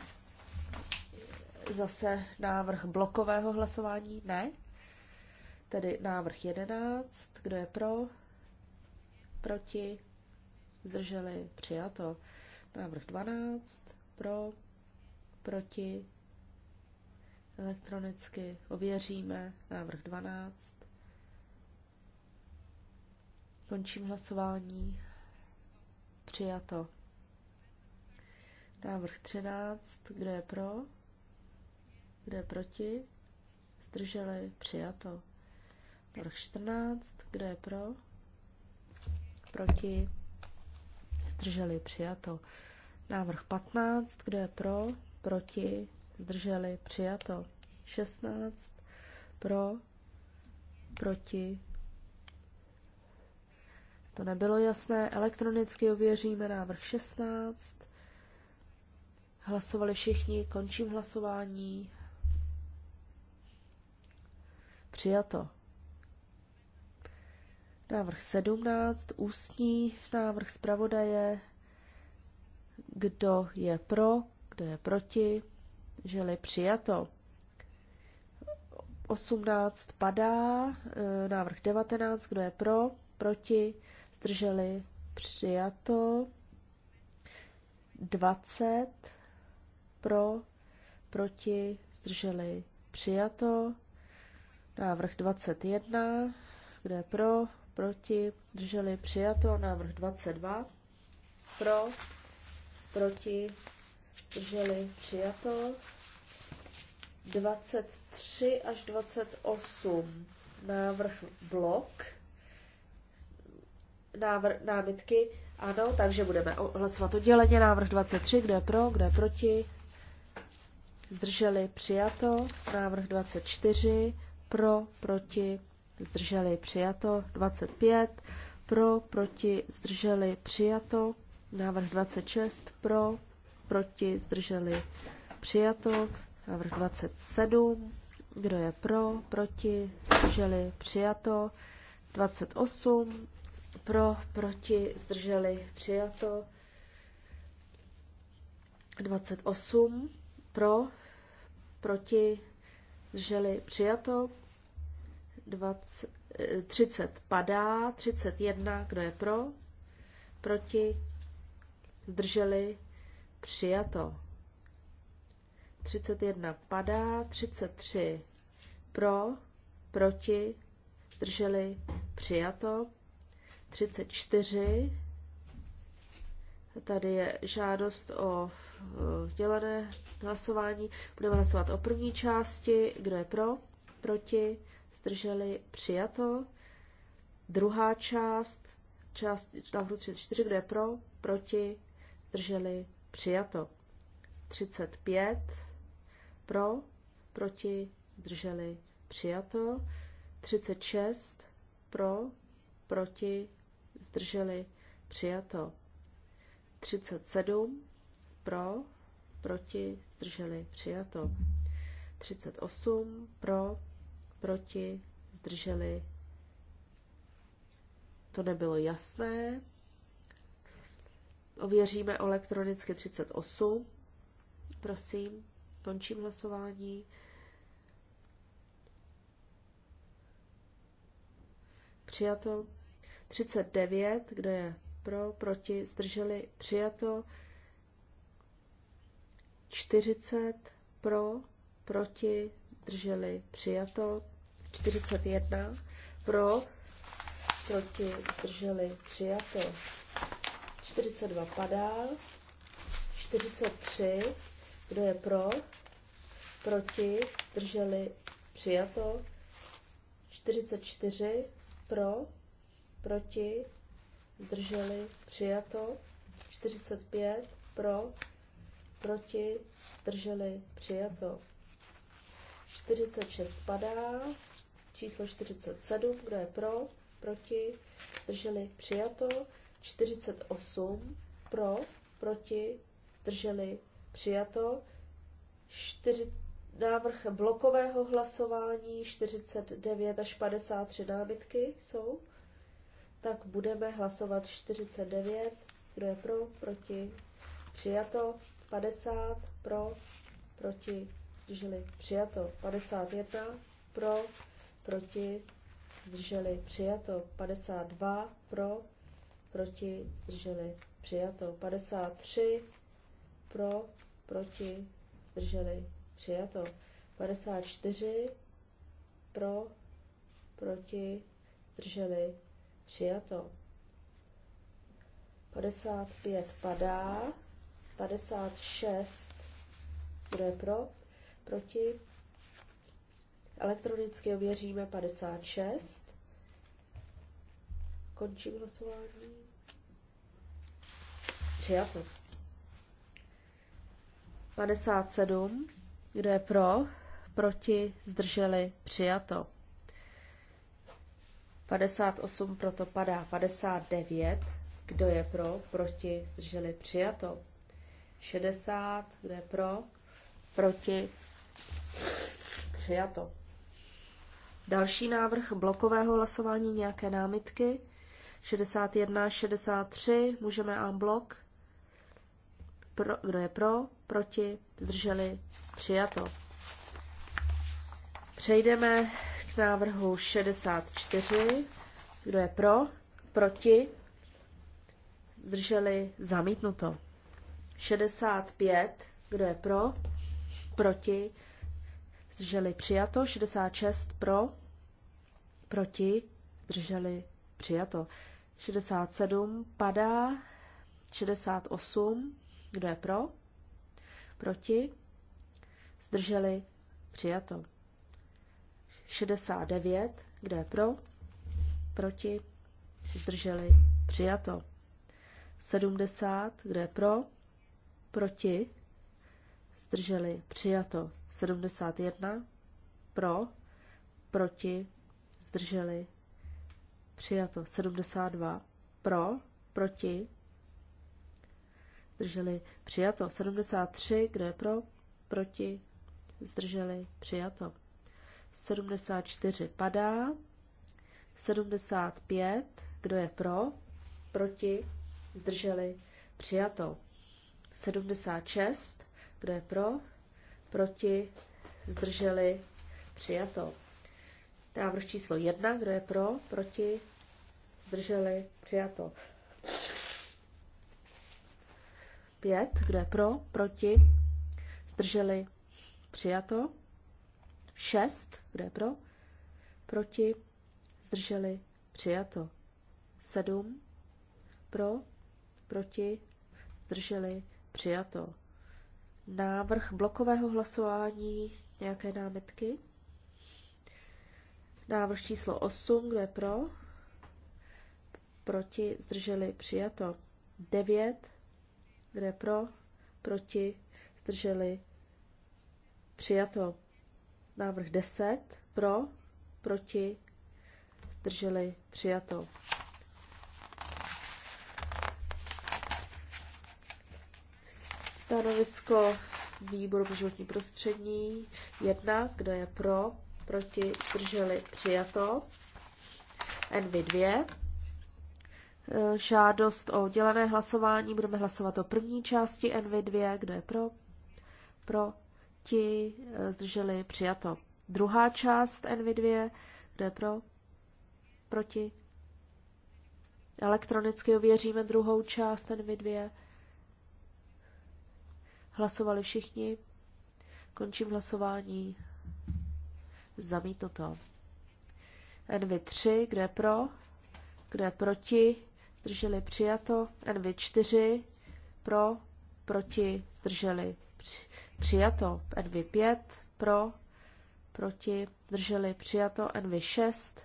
zase návrh blokového hlasování. Ne. Tedy návrh 11. Kdo je pro? Proti? Zdrželi? Přijato. Návrh 12 pro, proti, elektronicky ověříme. Návrh 12. Končím hlasování. Přijato. Návrh 13. Kdo je pro? Kdo je proti? Zdrželi? Přijato. Návrh 14. Kdo je pro? Proti? zdrželi, přijato. Návrh 15, kdo je pro, proti, zdrželi, přijato. 16, pro, proti. To nebylo jasné, elektronicky ověříme návrh 16. Hlasovali všichni, končím hlasování. Přijato. Návrh 17, ústní návrh zpravodaje. Kdo je pro, kdo je proti, želi přijato. 18 padá, e, návrh 19, kdo je pro, proti, zdrželi přijato. 20 pro, proti, zdrželi přijato. Návrh 21, kdo je pro, proti, drželi přijato, návrh 22, pro, proti, drželi přijato, 23 až 28, návrh blok, návrh, námitky, ano, takže budeme hlasovat odděleně, návrh 23, kdo je pro, kdo je proti, zdrželi přijato, návrh 24, pro, proti, zdrželi přijato, 25 pro, proti, zdrželi přijato, návrh 26 pro, proti, zdrželi přijato, návrh 27, kdo je pro, proti, zdrželi přijato, 28 pro, proti, zdrželi přijato, 28 pro, proti, zdrželi přijato, 20, 30 padá, 31, kdo je pro, proti, zdrželi, přijato. 31 padá, 33 pro, proti, zdrželi, přijato. 34 Tady je žádost o dělené hlasování. Budeme hlasovat o první části. Kdo je pro? Proti? zdrželi, přijato. Druhá část, část návrhu 34, kde je pro, proti, zdrželi, přijato. 35, pro, proti, zdrželi, přijato. 36, pro, proti, zdrželi, přijato. 37, pro, proti, zdrželi, přijato. 38, pro, proti, zdrželi. To nebylo jasné. Ověříme elektronicky 38. Prosím, končím hlasování. Přijato. 39, kdo je pro, proti, zdrželi, přijato. 40 pro, proti, zdrželi, přijato. 41 pro, proti, zdrželi, přijato. 42 padá. 43, kdo je pro, proti, zdrželi, přijato. 44 pro, proti, zdrželi, přijato. 45 pro, proti, zdrželi, přijato. 46 padá číslo 47, kdo je pro, proti, drželi, přijato. 48, pro, proti, drželi, přijato. 4, návrh blokového hlasování 49 až 53 námitky jsou. Tak budeme hlasovat 49, kdo je pro, proti, přijato. 50, pro, proti, drželi, přijato. 51, pro, proti, zdrželi přijato 52 pro, proti, zdrželi přijato 53 pro, proti, zdrželi přijato 54 pro, proti, zdrželi přijato 55 padá, 56 bude pro, proti, Elektronicky ověříme 56. Končím hlasování. Přijato. 57. Kdo je pro? Proti? Zdrželi? Přijato. 58 proto padá. 59. Kdo je pro? Proti? Zdrželi? Přijato. 60. Kdo je pro? Proti? Přijato. Další návrh blokového hlasování, nějaké námitky. 61, 63, můžeme en blok. Pro, kdo je pro, proti, zdrželi, přijato. Přejdeme k návrhu 64. Kdo je pro, proti, zdrželi, zamítnuto. 65. Kdo je pro, proti, zdrželi přijato, 66 pro, proti, zdrželi přijato. 67 padá, 68, kdo je pro, proti, zdrželi přijato. 69, kdo je pro, proti, zdrželi přijato. 70, kdo je pro, proti, zdrželi, přijato 71, pro, proti, zdrželi, přijato 72, pro, proti, zdrželi, přijato 73, kdo je pro, proti, zdrželi, přijato 74 padá, 75, kdo je pro, proti, zdrželi, přijato 76, kdo je pro? Proti? Zdrželi? Přijato. Návrh číslo jedna, Kdo je pro? Proti? Zdrželi? Přijato. pět, Kdo je pro? Proti? Zdrželi? Přijato. šest, Kdo je pro? Proti? Zdrželi? Přijato. sedm, Pro? Proti? Zdrželi? Přijato návrh blokového hlasování nějaké námitky. Návrh číslo 8, kdo je pro? Proti, zdrželi, přijato. 9, kde je pro? Proti, zdrželi, přijato. Návrh 10, pro, proti, zdrželi, přijato. Stanovisko výboru pro životní prostředí. Jedna, kdo je pro, proti, zdrželi, přijato. NV2. E, žádost o dělené hlasování. Budeme hlasovat o první části NV2. Kdo je pro? Proti, e, zdrželi, přijato. Druhá část NV2. Kdo je pro? Proti. Elektronicky ověříme druhou část NV2. Hlasovali všichni. Končím hlasování. to. NV3, kdo je pro, Kdo je proti, zdrželi přijato. NV4, pro, proti, zdrželi přijato. NV5, pro, proti, zdrželi přijato. NV6,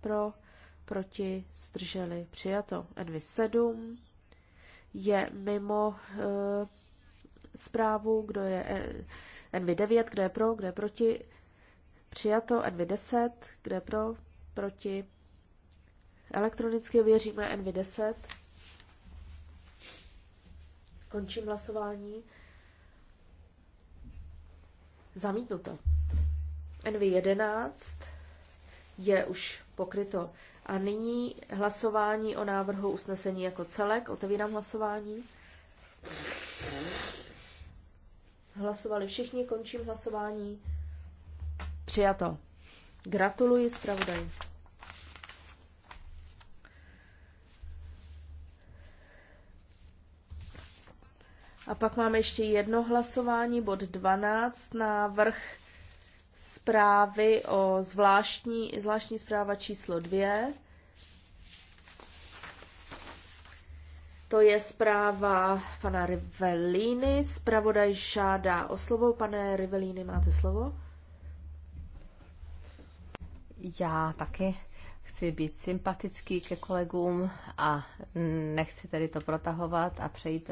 pro, proti, zdrželi přijato. NV7 je mimo uh, zprávu, kdo je eh, NV9, kdo je pro, kdo je proti. Přijato NV10, kdo je pro, proti. Elektronicky věříme NV10. Končím hlasování. Zamítnuto. NV11 je už pokryto. A nyní hlasování o návrhu usnesení jako celek. Otevírám hlasování. Hlasovali všichni, končím hlasování. Přijato. Gratuluji zpravodaj. A pak máme ještě jedno hlasování, bod 12, návrh zprávy o zvláštní, zvláštní zpráva číslo 2. To je zpráva pana Rivellini. Zpravodaj žádá o slovo. Pane Rivellini, máte slovo? Já taky chci být sympatický ke kolegům a nechci tedy to protahovat a přejít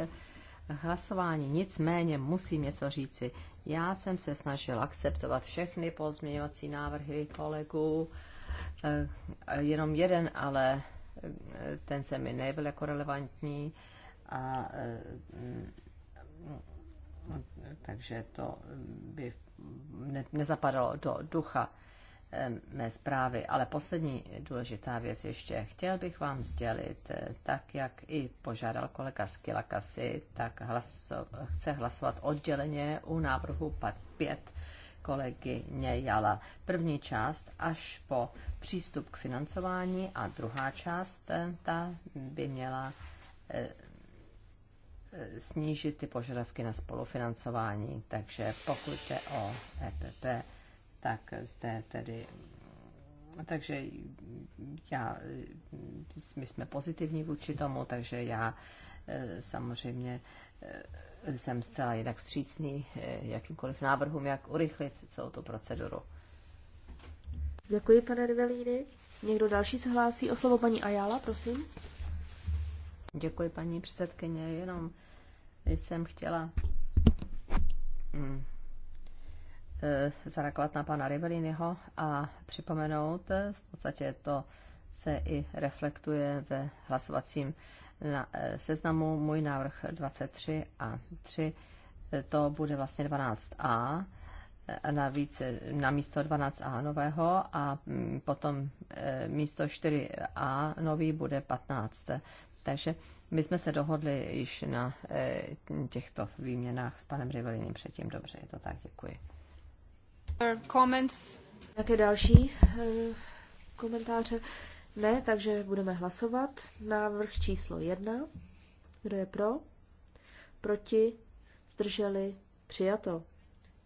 hlasování. Nicméně musím něco říci. Já jsem se snažil akceptovat všechny pozměňovací návrhy kolegů, eh, jenom jeden ale ten se mi nebyl jako relevantní a eh, takže to by nezapadalo do ducha eh, mé zprávy. Ale poslední důležitá věc ještě. Chtěl bych vám sdělit, eh, tak jak i požádal kolega Skilakasi, tak hlaso, chce hlasovat odděleně u návrhu 5 kolegy nějala. První část až po přístup k financování a druhá část eh, ta by měla eh, eh, snížit ty požadavky na spolufinancování. Takže pokud jde o EPP, tak zde tedy takže já, my jsme pozitivní vůči tomu, takže já samozřejmě Eh, jsem zcela jinak vstřícný eh, jakýmkoliv návrhům, jak urychlit celou tu proceduru. Děkuji, pane Rivelíny. Někdo další se hlásí o slovo paní Ajala, prosím. Děkuji, paní předsedkyně. Jenom jsem chtěla hmm. zareagovat na pana Rivelínyho a připomenout, v podstatě to se i reflektuje ve hlasovacím na eh, seznamu můj návrh 23 a 3, eh, to bude vlastně 12a, eh, navíc na místo 12a nového a mm, potom místo 4a nový bude 15. Takže my jsme se dohodli již na těchto výměnách s panem Rivelinem předtím. Dobře, je to tak, děkuji. Comments? Jaké další komentáře? Ne, takže budeme hlasovat. Návrh číslo jedna. Kdo je pro? Proti? Zdrželi? Přijato.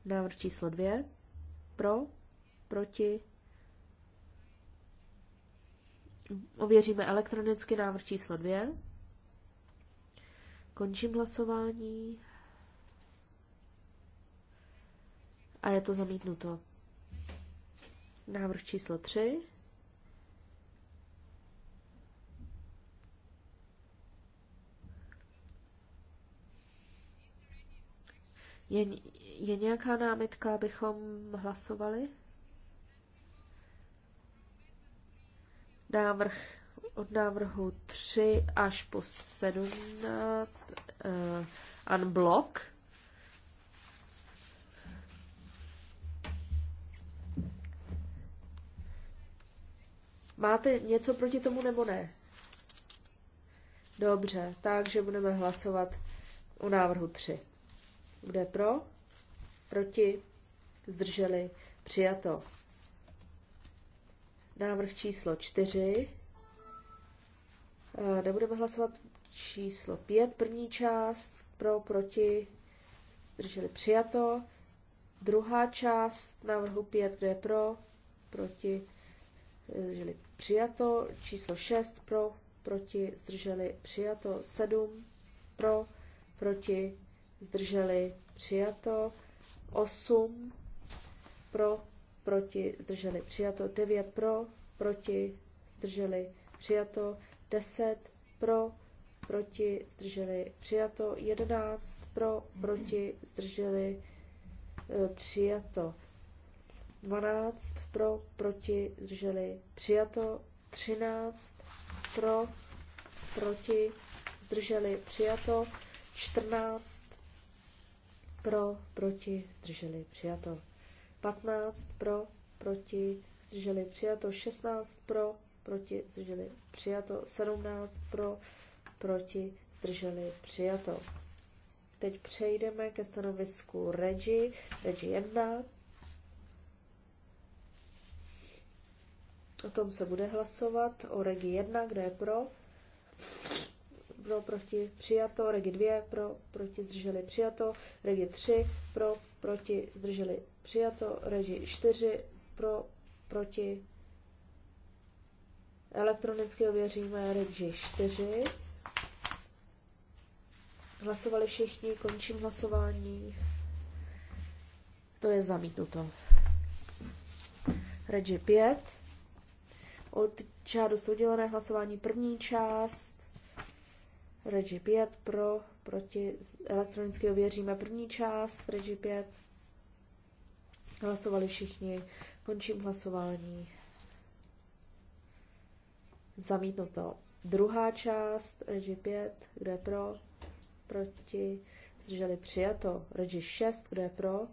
Návrh číslo dvě. Pro? Proti? Ověříme elektronicky návrh číslo dvě. Končím hlasování. A je to zamítnuto. Návrh číslo tři. Je, je nějaká námitka, abychom hlasovali? Návrh od návrhu 3 až po 17 uh, unblock. Máte něco proti tomu nebo ne? Dobře, takže budeme hlasovat o návrhu 3. Bude pro? Proti? Zdrželi? Přijato. Návrh číslo 4. Eh, nebudeme hlasovat číslo 5. První část pro, proti, zdrželi přijato. Druhá část návrhu 5, kde je pro, proti, zdrželi přijato. Číslo 6 pro, proti, zdrželi přijato. 7 pro, proti, zdrželi, přijato. 8 pro, proti, zdrželi, přijato. 9 pro, proti, zdrželi, přijato. 10 pro, proti, zdrželi, přijato. 11 eh, pro, proti, zdrželi, přijato. 12 pro, proti, zdrželi, přijato. 13 pro, proti, zdrželi, přijato. 14 pro, proti, zdrželi, přijato. 15 pro, proti, zdrželi, přijato. 16 pro, proti, zdrželi, přijato. 17 pro, proti, zdrželi, přijato. Teď přejdeme ke stanovisku Regi, Regi 1. O tom se bude hlasovat, o Regi 1, kde je pro, pro, proti, přijato, regi 2 pro, proti, zdrželi, přijato, regi 3 pro, proti, zdrželi, přijato, regi 4 pro, proti, elektronicky ověříme regi 4. Hlasovali všichni, končím hlasování. To je zamítnuto. Regi 5. Od žádost oddělené hlasování první část Regi 5 pro, proti, elektronicky ověříme první část, Regi 5. Hlasovali všichni, končím hlasování. Zamítnuto. Druhá část, Regi 5, kde je pro, proti, zdrželi přijato. Regi 6, kde je pro,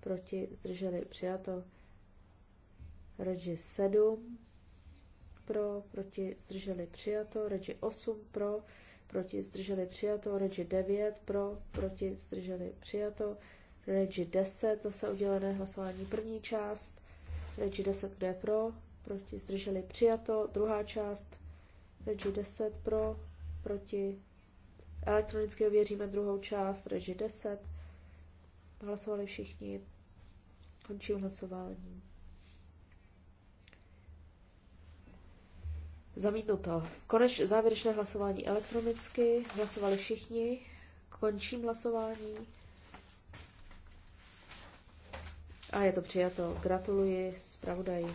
proti, zdrželi přijato. Regi 7, pro, proti, zdrželi přijato. Regi 8, pro, proti zdrželi přijato, Regi 9 pro, proti zdrželi přijato, Regi 10, to se udělené hlasování první část, Regi 10, kdo je pro, proti zdrželi přijato, druhá část, Regi 10 pro, proti elektronicky ověříme druhou část, Regi 10, hlasovali všichni, končím hlasování. Zamítnuto. Koneč závěrečné hlasování elektronicky. Hlasovali všichni. Končím hlasování. A je to přijato. Gratuluji zpravodaji.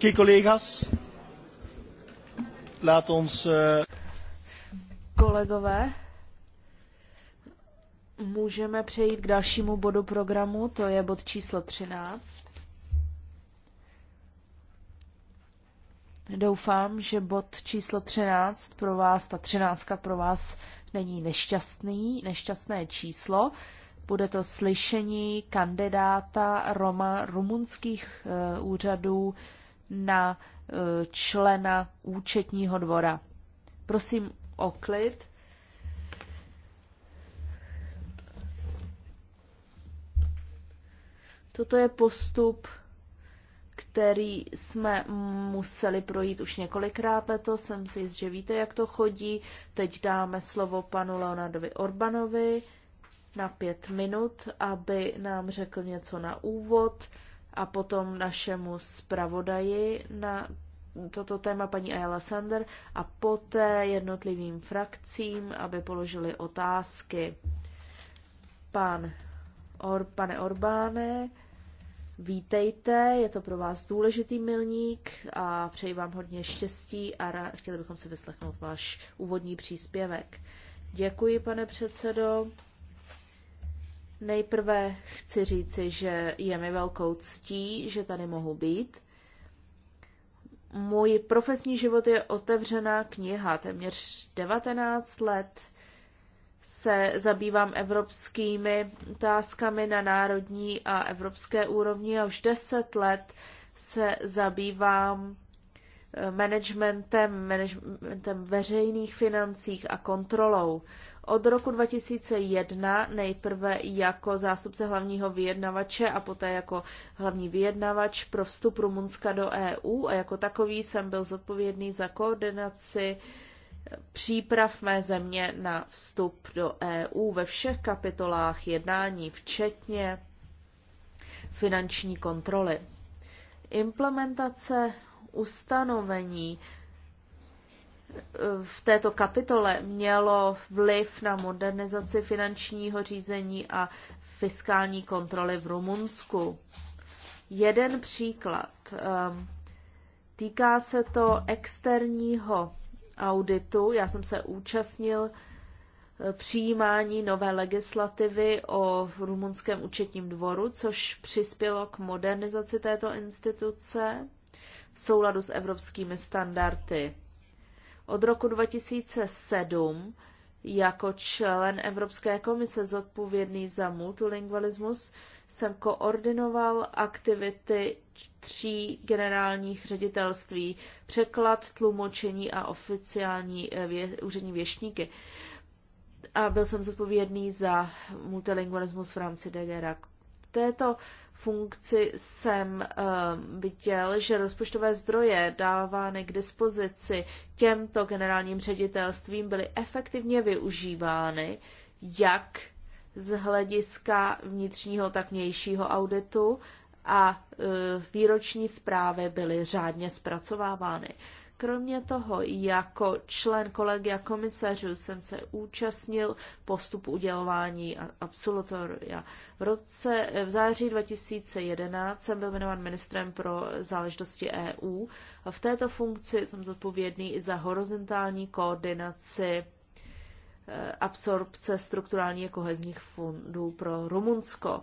Oké, okay, collega's. Laat ons... Uh... Kolegové, můžeme přejít k dalšímu bodu programu, to je bod číslo 13. Doufám, že bod číslo 13 pro vás, ta 13 pro vás není nešťastný, nešťastné číslo. Bude to slyšení kandidáta Roma, rumunských eh, úřadů na eh, člena účetního dvora. Prosím o klid. Toto je postup, který jsme museli projít už několikrát letos. Jsem si jist, že víte, jak to chodí. Teď dáme slovo panu Leonardovi Orbanovi na pět minut, aby nám řekl něco na úvod a potom našemu zpravodaji na toto téma paní Ayala Sander a poté jednotlivým frakcím, aby položili otázky. Pan Or, pane Orbáne, vítejte, je to pro vás důležitý milník a přeji vám hodně štěstí a rá, chtěli bychom se vyslechnout váš úvodní příspěvek. Děkuji, pane předsedo. Nejprve chci říci, že je mi velkou ctí, že tady mohu být. Můj profesní život je otevřená kniha. Téměř 19 let se zabývám evropskými otázkami na národní a evropské úrovni a už 10 let se zabývám eh, managementem, managementem veřejných financích a kontrolou. Od roku 2001 nejprve jako zástupce hlavního vyjednavače a poté jako hlavní vyjednavač pro vstup Rumunska do EU a jako takový jsem byl zodpovědný za koordinaci příprav mé země na vstup do EU ve všech kapitolách jednání, včetně finanční kontroly. Implementace ustanovení v této kapitole mělo vliv na modernizaci finančního řízení a fiskální kontroly v Rumunsku. Jeden příklad. Ehm, týká se to externího auditu. Já jsem se účastnil eh, přijímání nové legislativy o rumunském účetním dvoru, což přispělo k modernizaci této instituce v souladu s evropskými standardy. Od roku 2007 jako člen Evropské komise zodpovědný za multilingualismus jsem koordinoval aktivity tří generálních ředitelství překlad, tlumočení a oficiální eh, vě, úřední věšníky. A byl jsem zodpovědný za multilingualismus v rámci DGRAC. V této funkci jsem ehm, viděl, že rozpočtové zdroje dávány k dispozici těmto generálním ředitelstvím byly efektivně využívány, jak z hlediska vnitřního, tak vnějšího auditu a e, výroční zprávy byly řádně zpracovávány. Kromě toho, jako člen kolegia komisařů jsem se účastnil postupu udělování absolutoria. V roce v září 2011 jsem byl jmenován ministrem pro záležitosti EU a v této funkci jsem zodpovědný i za horizontální koordinaci eh, absorpce strukturálních kohezních fondů pro Rumunsko.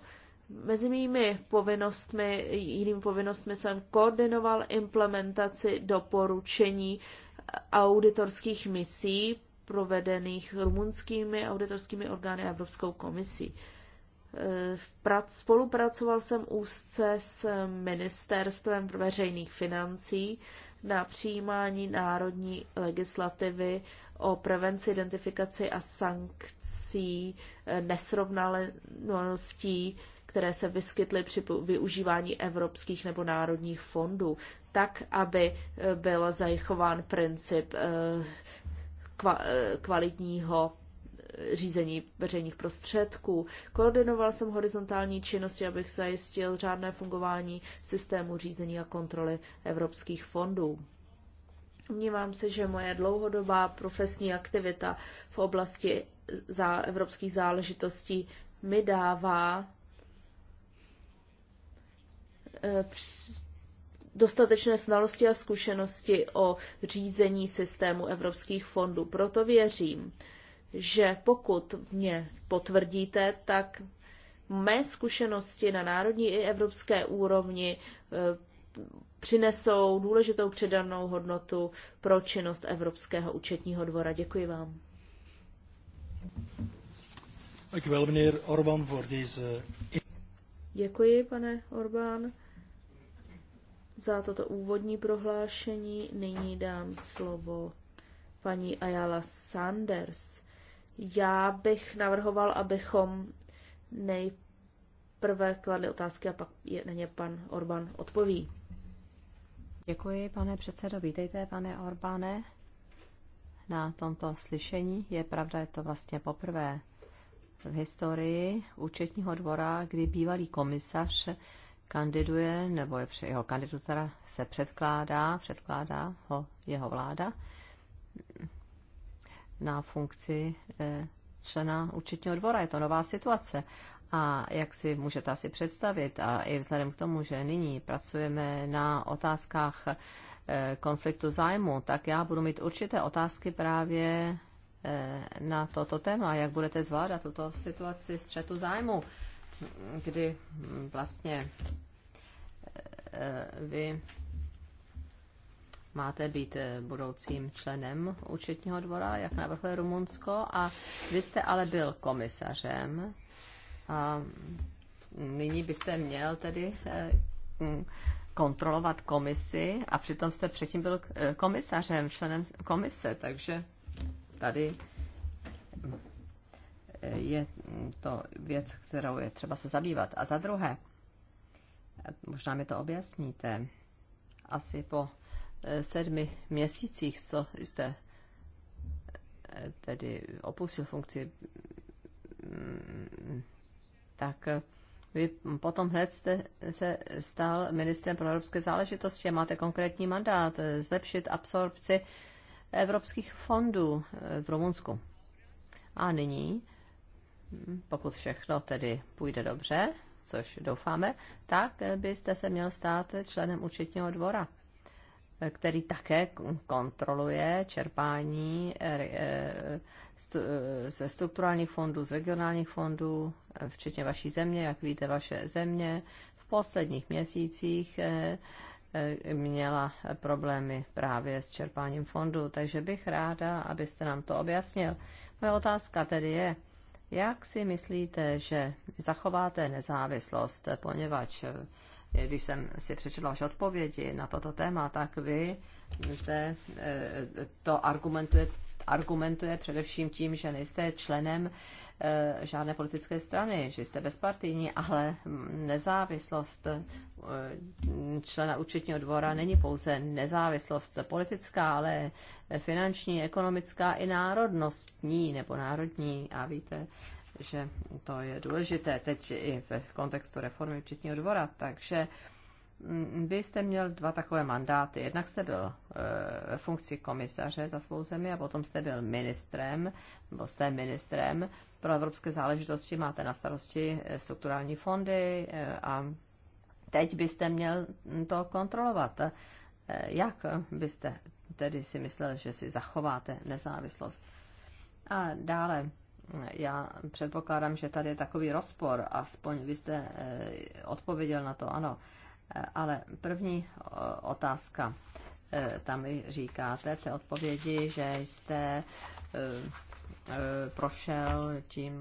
Mezi mými povinnostmi, jinými povinnostmi jsem koordinoval implementaci doporučení auditorských misí provedených rumunskými auditorskými orgány a Evropskou komisí. E, spolupracoval jsem úzce s Ministerstvem veřejných financí na přijímání národní legislativy o prevenci, identifikaci a sankcí e, nesrovnalostí které se vyskytly při využívání evropských nebo národních fondů, tak, aby eh, byl zachován princip eh, eh, kvalitního řízení veřejných prostředků. Koordinoval jsem horizontální činnosti, abych zajistil řádné fungování systému řízení a kontroly evropských fondů. Mnívám se, že moje dlouhodobá profesní aktivita v oblasti za evropských záležitostí mi dává Eh, dostatečné znalosti a zkušenosti o řízení systému evropských fondů. Proto věřím, že pokud mě potvrdíte, tak mé zkušenosti na národní i evropské úrovni eh, přinesou důležitou předanou hodnotu pro činnost Evropského účetního dvora. Děkuji vám. Děkuji, pane Orbán za toto úvodní prohlášení. Nyní dám slovo paní Ayala Sanders. Já bych navrhoval, abychom nejprve kladli otázky a pak je, na ně pan Orbán odpoví. Děkuji, pane předsedo. Vítejte, pane Orbáne, na tomto slyšení. Je pravda, je to vlastně poprvé v historii účetního dvora, kdy bývalý komisař kandiduje, nebo je, jeho kandidatura se předkládá, předkládá ho jeho vláda na funkci eh, člena účetního dvora. Je to nová situace. A jak si můžete asi představit, a i vzhledem k tomu, že nyní pracujeme na otázkách eh, konfliktu zájmu, tak já budu mít určité otázky právě eh, na toto téma, jak budete zvládat tuto situaci střetu zájmu kdy hm, vlastně eh, vy máte být eh, budoucím členem účetního dvora, jak navrhuje Rumunsko, a vy jste ale byl komisařem a nyní byste měl tedy eh, hm, kontrolovat komisi a přitom jste předtím byl komisařem, členem komise, takže tady je to věc, kterou je třeba se zabývat. A za druhé, možná mi to objasníte, asi po eh, sedmi měsících, co jste eh, tedy opustil funkci, mm, tak vy potom hned jste se stal ministrem pro evropské záležitosti a máte konkrétní mandát eh, zlepšit absorpci evropských fondů v Rumunsku. A nyní pokud všechno tedy půjde dobře, což doufáme, tak byste se měl stát členem účetního dvora, který také kontroluje čerpání eh, eh, ze strukturálních fondů, z regionálních fondů, eh, včetně vaší země, jak víte, vaše země v posledních měsících měla problémy právě s čerpáním fondů, takže bych ráda, abyste nám to objasnil. Moje otázka tedy je, jak si myslíte, že zachováte nezávislost, poněvadž eh, když jsem si přečetla vaše odpovědi na toto téma, tak vy zde eh, to argumentuje, argumentuje především tím, že nejste členem Eh, žádné politické strany, že jste bezpartijní, ale nezávislost eh, člena účetního dvora není pouze nezávislost politická, ale finanční, ekonomická i národnostní nebo národní. A víte, že to je důležité teď i v kontextu reformy účetního dvora. Takže Mm, vy jste měl dva takové mandáty. Jednak jste byl ve funkci komisaře za svou zemi a potom jste byl ministrem, nebo jste ministrem pro evropské záležitosti, máte na starosti e, strukturální fondy e, a teď byste měl to kontrolovat. E, jak byste tedy si myslel, že si zachováte nezávislost? A dále, já předpokládám, že tady je takový rozpor, aspoň vy jste odpověděl na to, ano ale první eh, otázka. Eh, tam říkáte v té odpovědi, že jste eh, prošel tím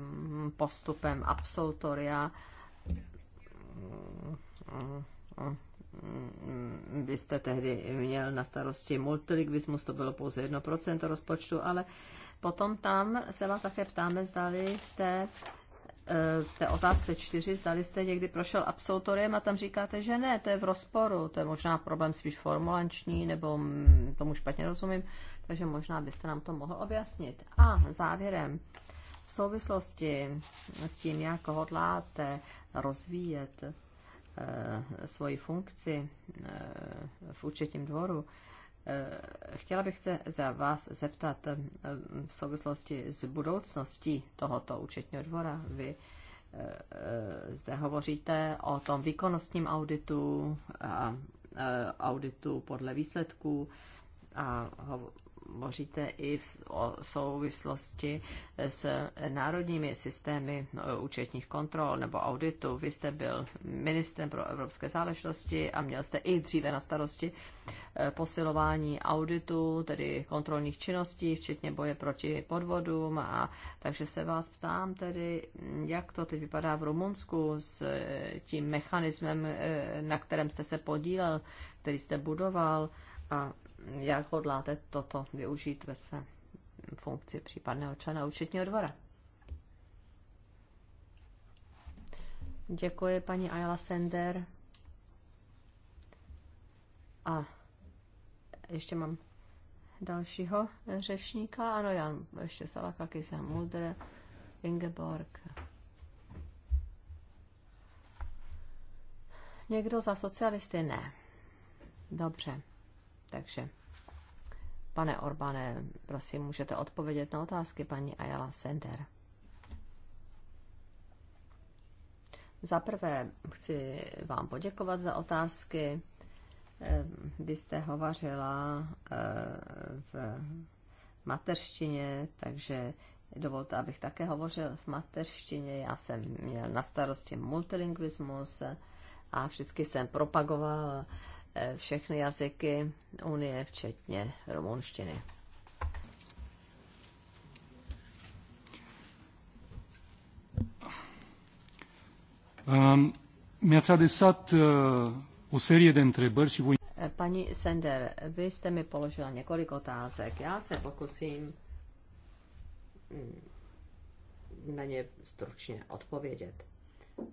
postupem absolutoria. Vy jste tehdy měl na starosti multilingvismus, to bylo pouze 1% rozpočtu, ale potom tam se vás také ptáme, zdali jste Eh, té otázce čtyři, zdali jste někdy prošel absolutoriem a tam říkáte, že ne, to je v rozporu, to je možná problém spíš formulanční, nebo mm, tomu špatně rozumím, takže možná byste nám to mohl objasnit. A závěrem, v souvislosti s tím, jak hodláte rozvíjet e, svoji funkci e, v účetním dvoru, e, Eh, chtěla bych se za vás zeptat eh, v souvislosti s budoucností tohoto účetního dvora. Vy eh, zde hovoříte o tom výkonnostním auditu a auditu podle výsledků a hovoříte i v, o souvislosti s národními systémy no, účetních kontrol nebo auditu. Vy jste byl ministrem pro evropské záležitosti a měl jste i dříve na starosti eh, posilování auditu, tedy kontrolních činností, včetně boje proti podvodům. A, takže se vás ptám tedy, jak to teď vypadá v Rumunsku s eh, tím mechanismem, eh, na kterém jste se podílel, který jste budoval a jak hodláte toto využít ve své funkci případného člena účetního dvora. Děkuji paní Ayala Sender. A ještě mám dalšího řečníka. Ano, Jan, ještě Salakakis a Mulder, Ingeborg. Někdo za socialisty? Ne. Dobře. Takže Pane Orbane, prosím, můžete odpovědět na otázky paní Ayala Sender. Za prvé chci vám poděkovat za otázky. Ehm, vy jste hovařila eh, v mateřštině, takže dovolte, abych také hovořil v mateřštině. Já jsem měl na starosti multilingvismus a vždycky jsem propagoval Eh, všechny jazyky Unie, včetně rumunštiny. Um, mi-ați adresat uh, o serie de întrebări și voi... Eh, paní Sender, vy jste mi položila několik otázek. Já se pokusím mm, na ně stručně odpovědět.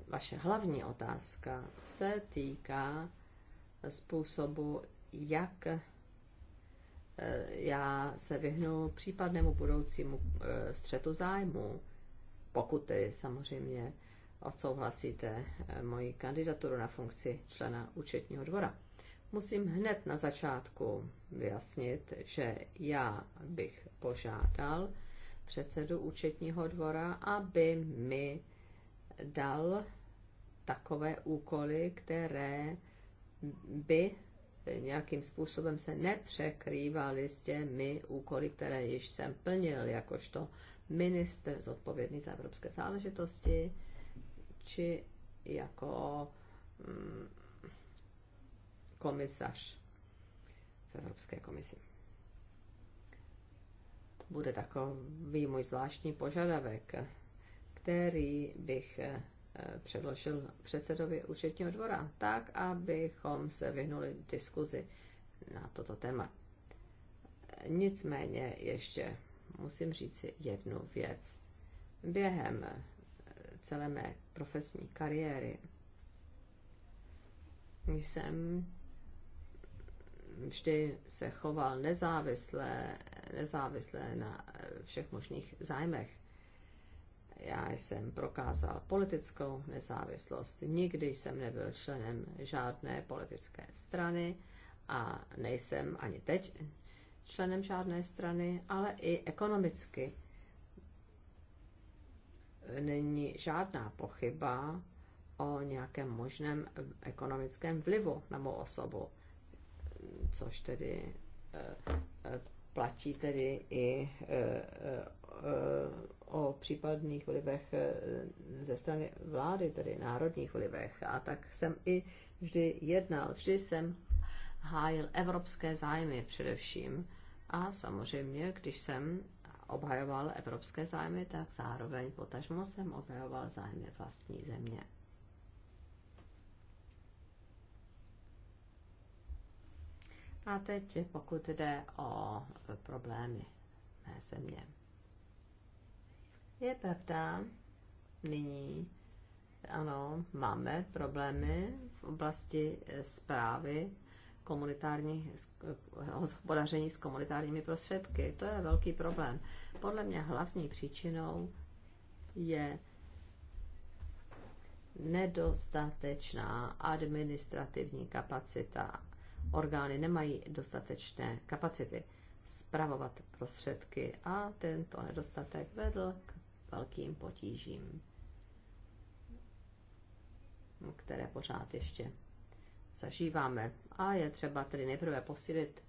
Vaše hlavní otázka se týká způsobu, jak eh, já se vyhnu případnému budoucímu eh, střetu zájmu, pokud tedy samozřejmě odsouhlasíte eh, moji kandidaturu na funkci člena účetního dvora. Musím hned na začátku vyjasnit, že já bych požádal předsedu účetního dvora, aby mi dal takové úkoly, které by nějakým způsobem se nepřekrývaly s těmi úkoly, které již jsem plnil, jakožto minister zodpovědný za evropské záležitosti, či jako mm, komisař v Evropské komisi. bude takový můj zvláštní požadavek, který bych předložil předsedovi účetního dvora, tak, abychom se vyhnuli diskuzi na toto téma. Nicméně ještě musím říci jednu věc. Během celé mé profesní kariéry jsem vždy se choval nezávisle, nezávisle na všech možných zájmech já jsem prokázal politickou nezávislost. Nikdy jsem nebyl členem žádné politické strany a nejsem ani teď členem žádné strany, ale i ekonomicky není žádná pochyba o nějakém možném ekonomickém vlivu na mou osobu, což tedy eh, eh, platí tedy i eh, o případných vlivech eh, ze strany vlády, tedy národních vlivech. A tak jsem i vždy jednal, vždy jsem hájil evropské zájmy především. A samozřejmě, když jsem obhajoval evropské zájmy, tak zároveň potažmo jsem obhajoval zájmy vlastní země. A teď, pokud jde o problémy mé země. Je pravda, nyní ano, máme problémy v oblasti zprávy eh, komunitární, eh, hospodaření s komunitárními prostředky. To je velký problém. Podle mě hlavní příčinou je nedostatečná administrativní kapacita. Orgány nemají dostatečné kapacity spravovat prostředky a tento nedostatek vedl k velkým potížím, které pořád ještě zažíváme. A je třeba tedy nejprve posílit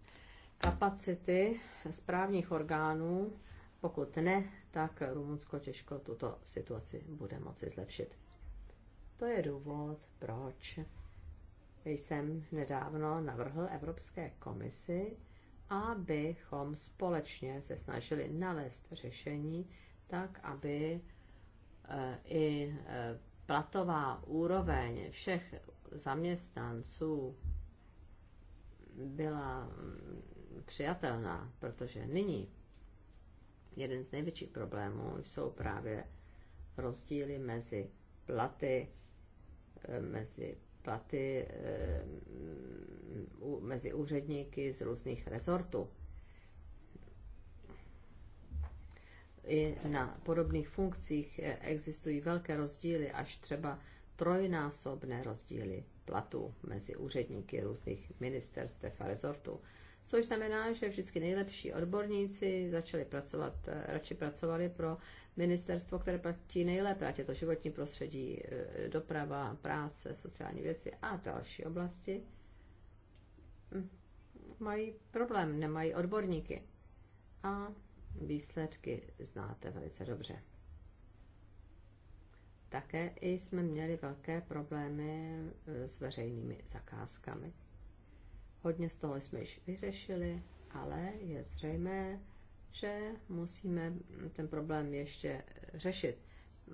kapacity správních orgánů. Pokud ne, tak Rumunsko těžko tuto situaci bude moci zlepšit. To je důvod, proč jsem nedávno navrhl Evropské komisi, abychom společně se snažili nalézt řešení, tak aby eh, i eh, platová úroveň všech zaměstnanců byla mm, přijatelná, protože nyní jeden z největších problémů jsou právě rozdíly mezi platy, eh, mezi platy mezi úředníky z různých rezortů. i na podobných funkcích eh, existují velké rozdíly, až třeba trojnásobné rozdíly platů mezi úředníky různých ministerstev a rezortů. Což znamená, že vždycky nejlepší odborníci začali pracovat, eh, radši pracovali pro ministerstvo, které platí nejlépe, ať je to životní prostředí, eh, doprava, práce, sociální věci a další oblasti. Hm, mají problém, nemají odborníky. A výsledky znáte velice dobře. Také i jsme měli velké problémy e, s veřejnými zakázkami. Hodně z toho jsme již vyřešili, ale je zřejmé, že musíme ten problém ještě e, řešit.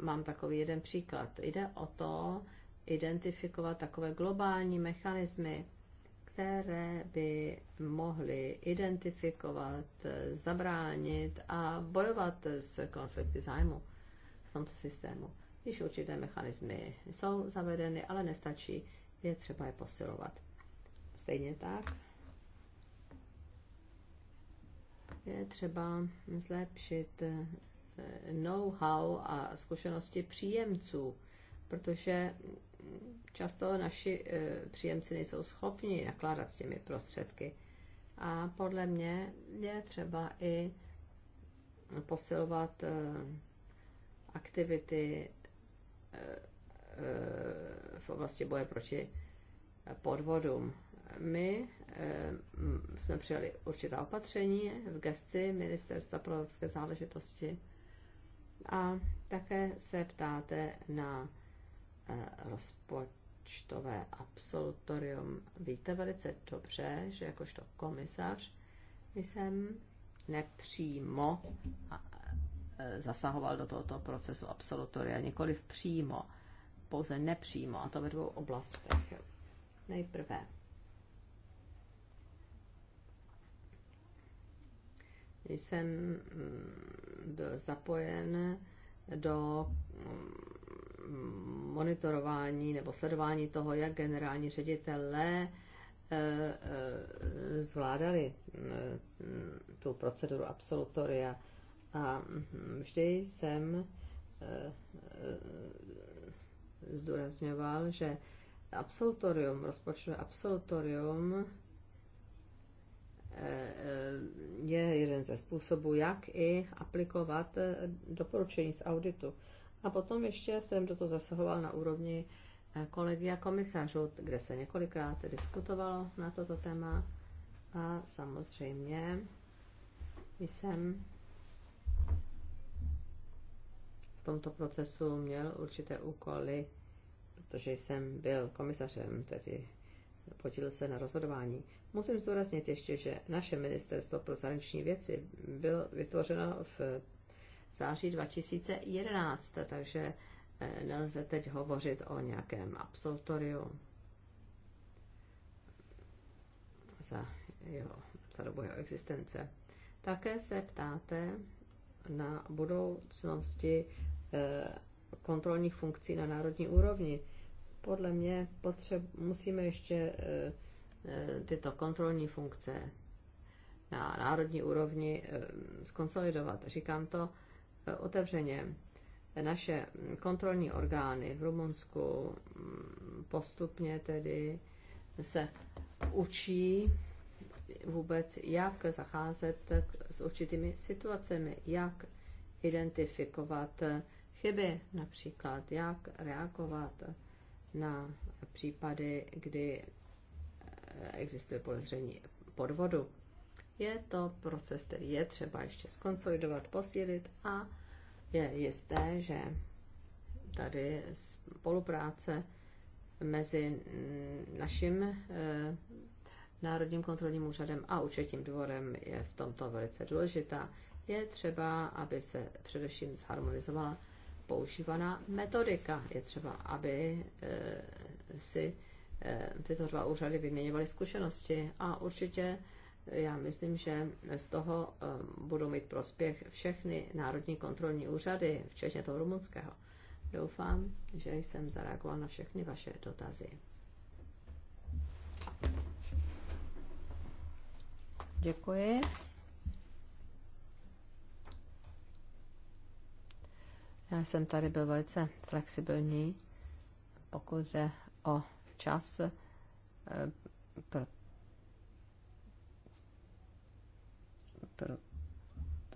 Mám takový jeden příklad. Jde o to identifikovat takové globální mechanismy, které by mohly identifikovat, zabránit a bojovat s konflikty zájmu v tomto systému. Když určité mechanismy jsou zavedeny, ale nestačí, je třeba je posilovat. Stejně tak je třeba zlepšit eh, know-how a zkušenosti příjemců, protože často naši e, příjemci nejsou schopni nakládat s těmi prostředky. A podle mě je třeba i posilovat e, aktivity e, v oblasti boje proti podvodům. My jsme přijali určitá opatření v gesci Ministerstva pro evropské záležitosti a také se ptáte na Eh, rozpočtové absolutorium. Víte velice dobře, že jakožto komisař jsem nepřímo eh, zasahoval do tohoto procesu absolutoria, nikoli přímo, pouze nepřímo, a to ve dvou oblastech. Nejprve jsem mm, byl zapojen do mm, monitorování nebo sledování toho, jak generální ředitelé eh, eh, zvládali mm, tu proceduru absolutoria. A mm, vždy jsem eh, zdůrazňoval, že absolutorium, rozpočtové absolutorium je jeden ze způsobů, jak i aplikovat doporučení z auditu. A potom ještě jsem do toho zasahoval na úrovni eh, kolegy a komisařů, kde se několikrát diskutovalo na toto téma. A samozřejmě jsem v tomto procesu měl určité úkoly, protože jsem byl komisařem, tedy podílil se na rozhodování. Musím zdůraznit ještě, že naše ministerstvo pro zahraniční věci bylo vytvořeno v září 2011, takže eh, nelze teď hovořit o nějakém absolutoriu za, jeho, za dobu jeho existence. Také se ptáte na budoucnosti eh, kontrolních funkcí na národní úrovni. Podle mě potřeb, musíme ještě eh, tyto kontrolní funkce na národní úrovni skonsolidovat. Říkám to otevřeně. Naše kontrolní orgány v Rumunsku postupně tedy se učí vůbec, jak zacházet s určitými situacemi, jak identifikovat chyby například, jak reagovat na případy, kdy existuje podezření podvodu. Je to proces, který je třeba ještě skonsolidovat, posílit a je jisté, že tady spolupráce mezi naším eh, Národním kontrolním úřadem a účetním dvorem je v tomto velice důležitá. Je třeba, aby se především zharmonizovala používaná metodika. Je třeba, aby eh, si eh, tyto dva úřady vyměňovaly zkušenosti a určitě já myslím, že z toho um, budou mít prospěch všechny národní kontrolní úřady, včetně toho rumunského. Doufám, že jsem zareagoval na všechny vaše dotazy. Děkuji. Já jsem tady byl velice flexibilní, pokud jde o čas, eh,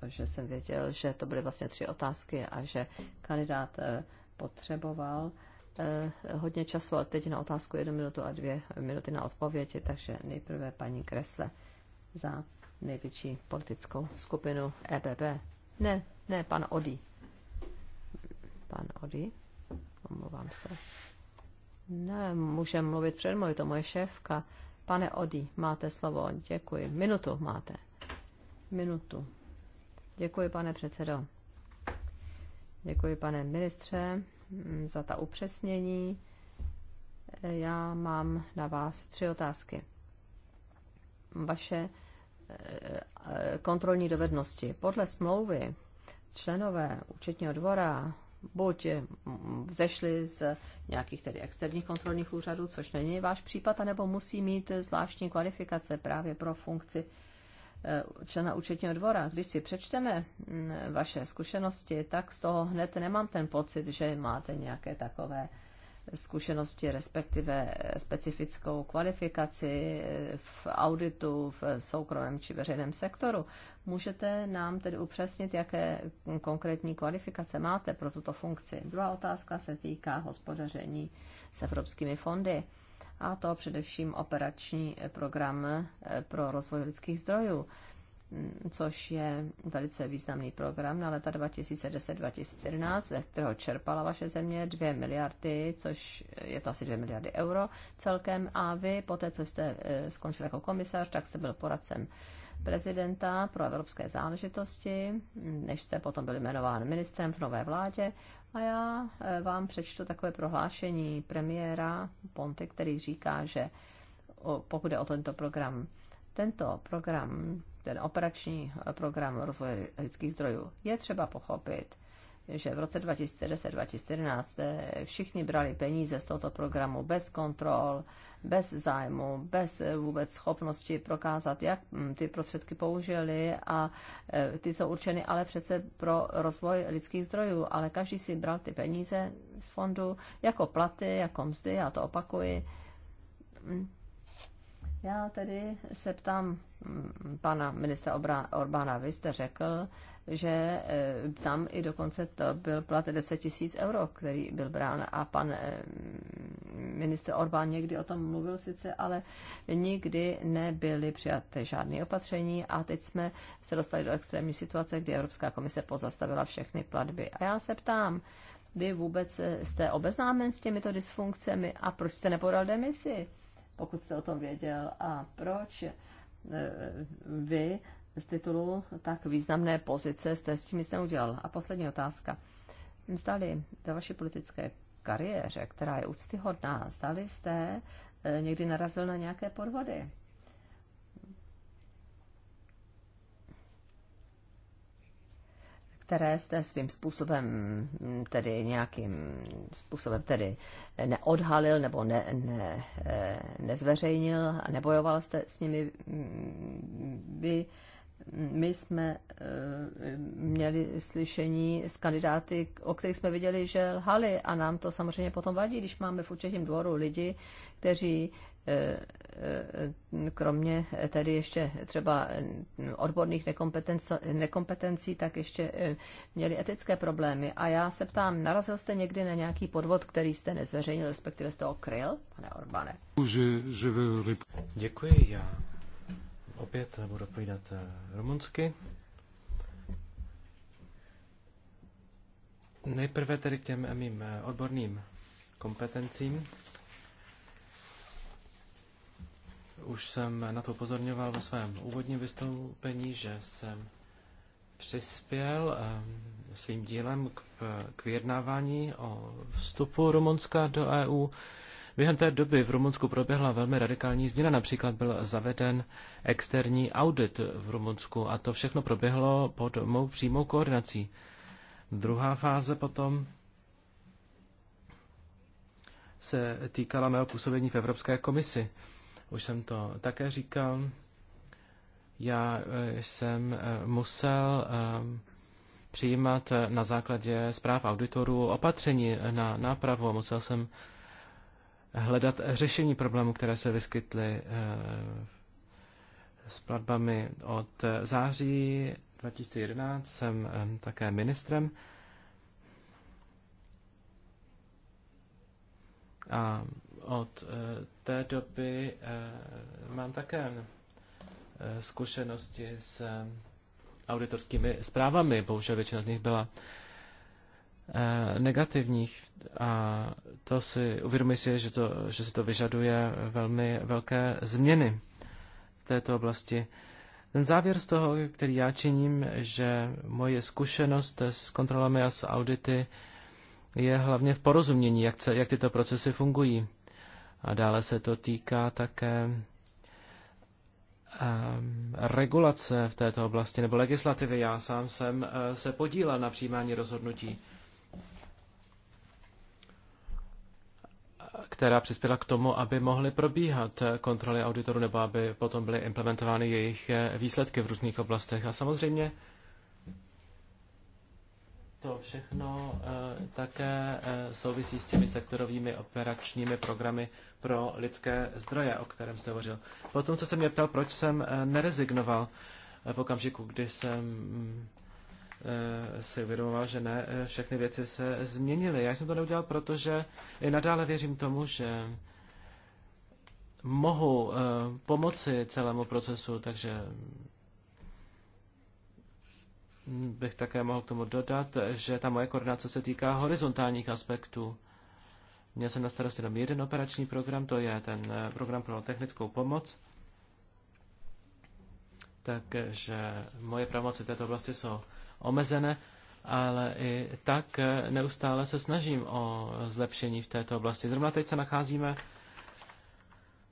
protože jsem věděl, že to byly vlastně tři otázky a že kandidát eh, potřeboval eh, hodně času, ale teď na otázku jednu minutu a dvě minuty na odpovědi, takže nejprve paní Kresle za největší politickou skupinu EPP. Ne, ne, pan Odi. Pan Odi, omlouvám se. Ne, můžeme mluvit před mnou, je to moje šéfka. Pane Odi, máte slovo, děkuji. Minutu máte minutu. Děkuji, pane předsedo. Děkuji, pane ministře, za ta upřesnění. Já mám na vás tři otázky. Vaše eh, kontrolní dovednosti. Podle smlouvy členové účetního dvora buď vzešli z nějakých tedy externích kontrolních úřadů, což není váš případ, anebo musí mít zvláštní kvalifikace právě pro funkci Eh, člena účetního dvora, když si přečteme mm, vaše zkušenosti, tak z toho hned nemám ten pocit, že máte nějaké takové zkušenosti, respektive specifickou kvalifikaci v auditu v soukromém či veřejném sektoru. Můžete nám tedy upřesnit, jaké konkrétní kvalifikace máte pro tuto funkci? Druhá otázka se týká hospodaření s evropskými fondy a to především operační program eh, pro rozvoj lidských zdrojů, mm, což je velice významný program na leta 2010-2011, ze kterého čerpala vaše země 2 miliardy, což je to asi 2 miliardy euro celkem. A vy, poté, co jste eh, skončil jako komisař, tak jste byl poradcem prezidenta pro evropské záležitosti, než jste potom byl jmenován ministrem v nové vládě a já eh, vám přečtu takové prohlášení premiéra Ponte, který říká, že pokud je o tento program, tento program, ten operační eh, program rozvoje lidských zdrojů, je třeba pochopit, že v roce 2010 2014 eh, všichni brali peníze z tohoto programu bez kontrol, bez zájmu, bez eh, vůbec schopnosti prokázat, jak hm, ty prostředky použili a eh, ty jsou určeny ale přece pro rozvoj lidských zdrojů, ale každý si bral ty peníze z fondu jako platy, jako mzdy, já to opakuji. Hm. Já tedy se ptám hm, pana ministra Orbána, vy jste řekl, že eh, tam i dokonce to byl plat 10 tisíc euro, který byl brán a pan eh, ministr Orbán někdy o tom mluvil sice, ale nikdy nebyly přijaty žádné opatření a teď jsme se dostali do extrémní situace, kdy Evropská komise pozastavila všechny platby. A já se ptám, vy vůbec eh, jste obeznámen s těmito dysfunkcemi a proč jste nepodal demisi, pokud jste o tom věděl a proč vy z titulu tak významné pozice jste s tím nic neudělal. A poslední otázka. Zdali ve vaší politické kariéře, která je úctyhodná, zdali jste e, někdy narazil na nějaké podvody? které jste svým způsobem, tedy nějakým způsobem tedy neodhalil nebo ne, ne, e, nezveřejnil a nebojoval jste s nimi. Vy my jsme eh, měli slyšení s kandidáty, o kterých jsme viděli, že lhali a nám to samozřejmě potom vadí, když máme v určitém dvoru lidi, kteří eh, eh, kromě tedy ještě třeba odborných nekompetencí, tak ještě měli etické problémy. A já se ptám, narazil jste někdy na nějaký podvod, který jste nezveřejnil, respektive jste okryl, pane Orbane? Děkuji, já Opět budu odpovídat eh, rumunsky. Nejprve tedy k těm eh, mým eh, odborným kompetencím. Už jsem na to upozorňoval ve svém úvodním vystoupení, že jsem přispěl svým dílem k, k vyjednávání o vstupu Rumunska do EU. Během té doby v Rumunsku proběhla velmi radikální změna. Například byl zaveden externí audit v Rumunsku a to všechno proběhlo pod mou přímou koordinací. Druhá fáze potom se týkala mého působení v Evropské komisi. Už jsem to také říkal. Já eh, jsem eh, musel eh, přijímat na základě zpráv auditorů opatření na nápravu. Musel jsem hledat řešení problémů, které se vyskytly eh, s platbami od eh, září 2011. Jsem eh, také ministrem. A od té doby mám také zkušenosti s auditorskými zprávami. Bohužel většina z nich byla Eh, negativních a to si uvědomuji si, že, to, že si to vyžaduje velmi velké změny v této oblasti. Ten závěr z toho, který já činím, že moje zkušenost s kontrolami a s audity je hlavně v porozumění, jak, se, jak tyto procesy fungují. A dále se to týká také ehm, regulace v této oblasti nebo legislativy. Já sám jsem eh, se podílel na přijímání rozhodnutí která přispěla k tomu, aby mohly probíhat kontroly auditorů nebo aby potom byly implementovány jejich eh, výsledky v různých oblastech. A samozřejmě to všechno eh, také eh, souvisí s těmi sektorovými operačními programy pro lidské zdroje, o kterém jste hovořil. Potom, co se mě ptal, proč jsem nerezignoval v okamžiku, kdy jsem mm, Eh, si uvědomoval, že ne, eh, všechny věci se změnily. Já jsem to neudělal, protože i nadále věřím tomu, že mohu eh, pomoci celému procesu, takže bych také mohl k tomu dodat, že ta moje koordinace se týká horizontálních aspektů. Měl jsem na starosti jenom jeden operační program, to je ten program pro technickou pomoc. Takže moje pravomoci v této oblasti jsou omezené, ale i tak neustále se snažím o zlepšení v této oblasti. Zrovna teď se nacházíme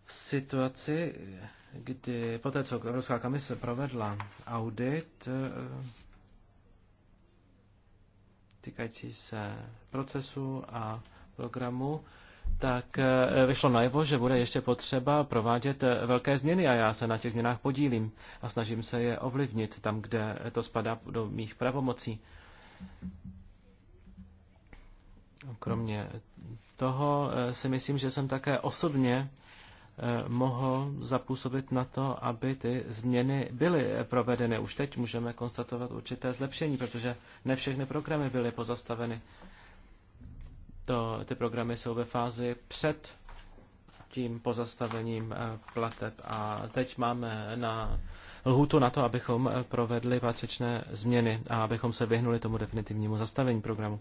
v situaci, kdy po té, co Evropská komise provedla audit eh, týkající se procesu a programu, tak eh, vyšlo najevo, že bude ještě potřeba provádět eh, velké změny a já se na těch změnách podílím a snažím se je ovlivnit tam, kde to spadá do mých pravomocí. Kromě toho eh, si myslím, že jsem také osobně mohl zapůsobit na to, aby ty změny byly provedeny. Už teď můžeme konstatovat určité zlepšení, protože ne všechny programy byly pozastaveny. To, ty programy jsou ve fázi před tím pozastavením eh, plateb a teď máme na lhůtu na to, abychom eh, provedli patřičné změny a abychom se vyhnuli tomu definitivnímu zastavení programu.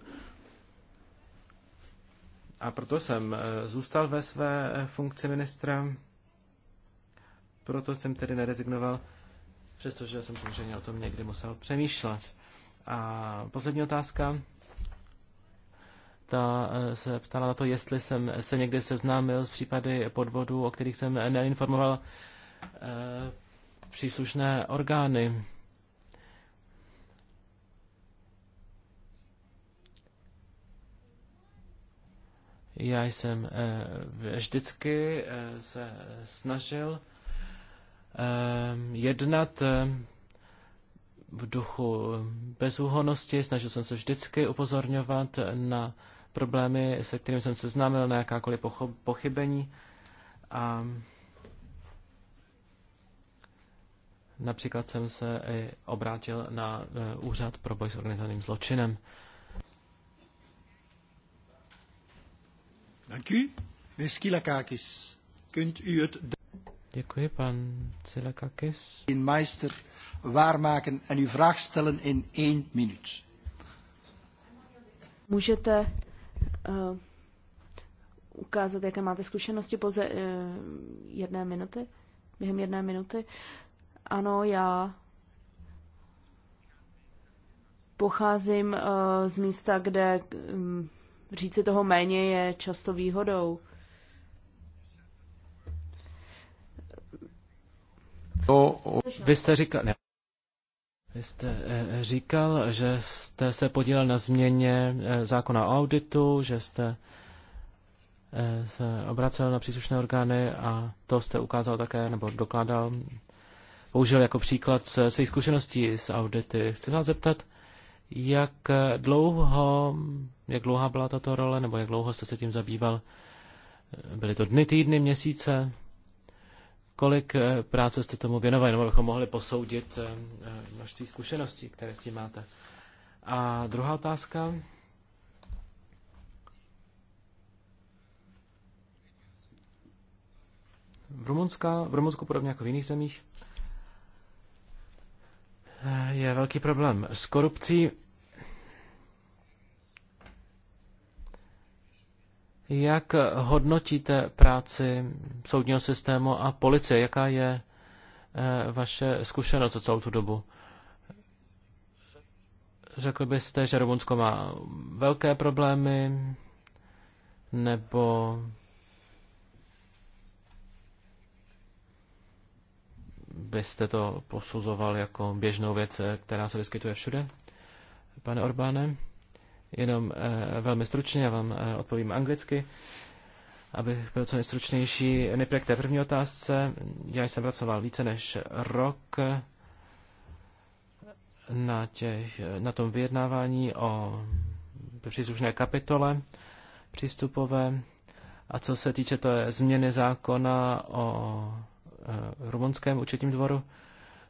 A proto jsem eh, zůstal ve své funkci ministra, proto jsem tedy nerezignoval, přestože jsem samozřejmě o tom někdy musel přemýšlet. A poslední otázka ta eh, se ptala na to, jestli jsem se někdy seznámil s případy podvodů, o kterých jsem neinformoval eh, příslušné orgány. Já jsem eh, vždycky se snažil jednat v duchu bezúhonosti, snažil jsem se vždycky upozorňovat na problémy, se kterými jsem seznámil, na jakákoliv pochybení. A například jsem se i obrátil na e, Úřad pro boj s organizovaným zločinem. Děkuji, pan Cilakakis. In Meister waarmaken en uw vraag stellen in één minuut. Můžete Eh, ukázat, jaké máte zkušenosti pouze uh, jedné minuty, během jedné minuty. Ano, já pocházím uh, z místa, kde um, říci toho méně je často výhodou. Vy jste říkal, ne. Vy jste eh, eh, říkal, že jste se podílel na změně eh, zákona o auditu, že jste se obracel na příslušné orgány a to jste ukázal také, nebo dokládal, použil jako příklad svých zkušeností s audity. Chci vás zeptat, jak dlouho, jak dlouhá byla tato role, nebo jak dlouho jste se tím zabýval? Byly to dny, týdny, měsíce? Kolik eh, práce jste tomu věnovali, nebo bychom mohli posoudit eh, eh, množství zkušeností, které s tím máte? A druhá otázka. V, Rumunska, v Rumunsku, podobně jako v jiných zemích, je velký problém s korupcí. Jak hodnotíte práci soudního systému a policie? Jaká je eh, vaše zkušenost za celou tu dobu? Řekl byste, že Rumunsko má velké problémy, nebo byste to posuzoval jako běžnou věc, eh, která se vyskytuje všude, pane Orbáne? Jenom eh, velmi stručně, já vám eh, odpovím anglicky, abych byl co nejstručnější. Nejprve k té první otázce. Já jsem pracoval více než rok na, těch, na tom vyjednávání o příslušné kapitole přístupové. A co se týče té změny zákona o eh, rumunském účetním dvoru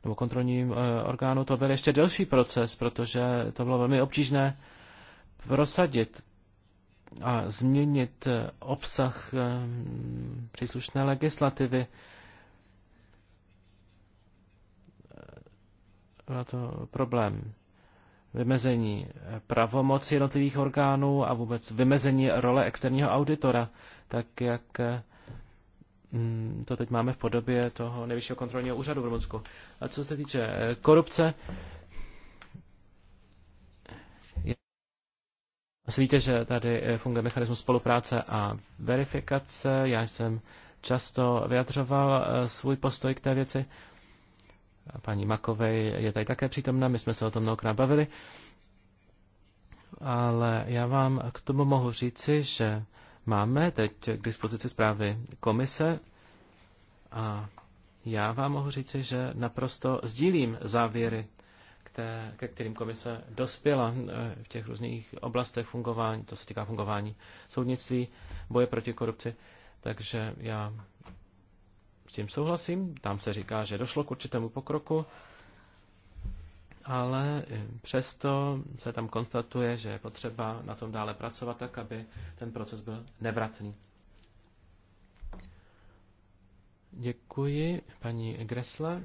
nebo kontrolním orgánu, to byl ještě delší proces, protože to bylo velmi obtížné prosadit a změnit eh, obsah eh, příslušné legislativy. Byl eh, to problém vymezení pravomoci jednotlivých orgánů a vůbec vymezení role externího auditora, tak jak mm, to teď máme v podobě toho nejvyššího kontrolního úřadu v Rumunsku. A co se týče korupce, Asi víte, že tady eh, funguje mechanismus spolupráce a verifikace. Já jsem často vyjadřoval eh, svůj postoj k té věci. Paní Makovej je tady také přítomna, my jsme se o tom mnohokrát bavili. Ale já vám k tomu mohu říci, že máme teď k dispozici zprávy komise a já vám mohu říci, že naprosto sdílím závěry které, ke kterým komise dospěla eh, v těch různých oblastech fungování, to se týká fungování soudnictví, boje proti korupci. Takže já s tím souhlasím. Tam se říká, že došlo k určitému pokroku, ale eh, přesto se tam konstatuje, že je potřeba na tom dále pracovat tak, aby ten proces byl nevratný. Děkuji, paní Gresle.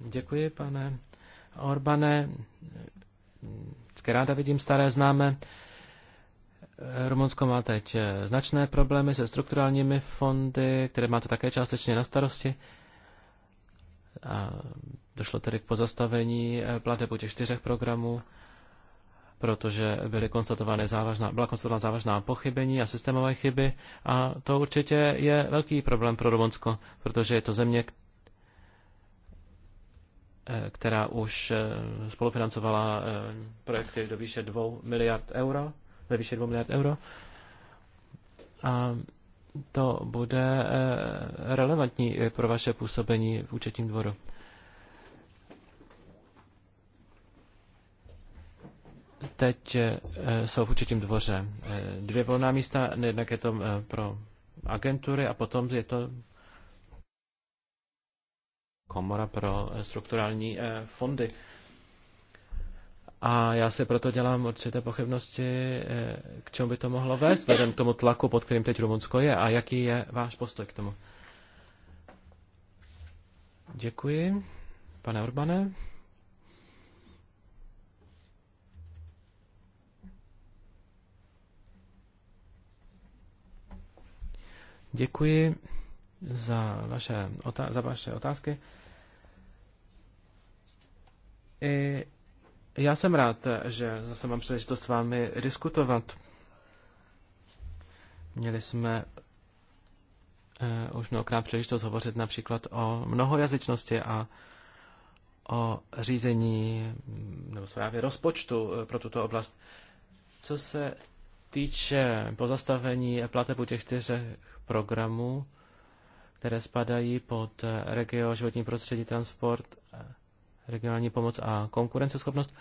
Děkuji, pane Orbane, ráda vidím staré známé. Rumunsko má teď značné problémy se strukturálními fondy, které máte také částečně na starosti. A došlo tedy k pozastavení eh, plateb těch čtyřech programů, protože byly konstatovány závažná, byla konstatována závažná pochybení a systémové chyby. A to určitě je velký problém pro Rumunsko, protože je to země, Eh, která už eh, spolufinancovala eh, projekty do výše 2 miliard euro, ve výše 2 miliard euro. A to bude relevantní pro vaše působení v účetním dvoru. Teď jsou v účetním dvoře dvě volná místa, jednak je to pro agentury a potom je to Komora pro eh, strukturální eh, fondy. A já si proto dělám určité pochybnosti, eh, k čemu by to mohlo vést, vzhledem k tomu tlaku, pod kterým teď Rumunsko je. A jaký je váš postoj k tomu? Děkuji. Pane Urbane? Děkuji za vaše, za vaše otázky. I já jsem rád, že zase mám příležitost s vámi diskutovat. Měli jsme eh, už mnohokrát příležitost hovořit například o mnohojazyčnosti a o řízení nebo zprávě rozpočtu eh, pro tuto oblast. Co se týče pozastavení plateb u těch čtyřech programů, které spadají pod eh, regio životní prostředí, transport regionální pomoc a konkurenceschopnost.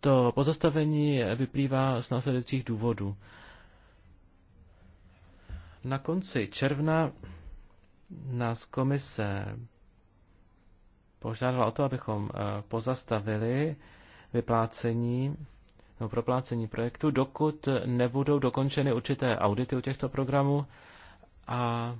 To pozastavení vyplývá z následujících důvodů. Na konci června nás komise požádala o to, abychom eh, pozastavili vyplácení nebo proplácení projektu, dokud nebudou dokončeny určité audity u těchto programů a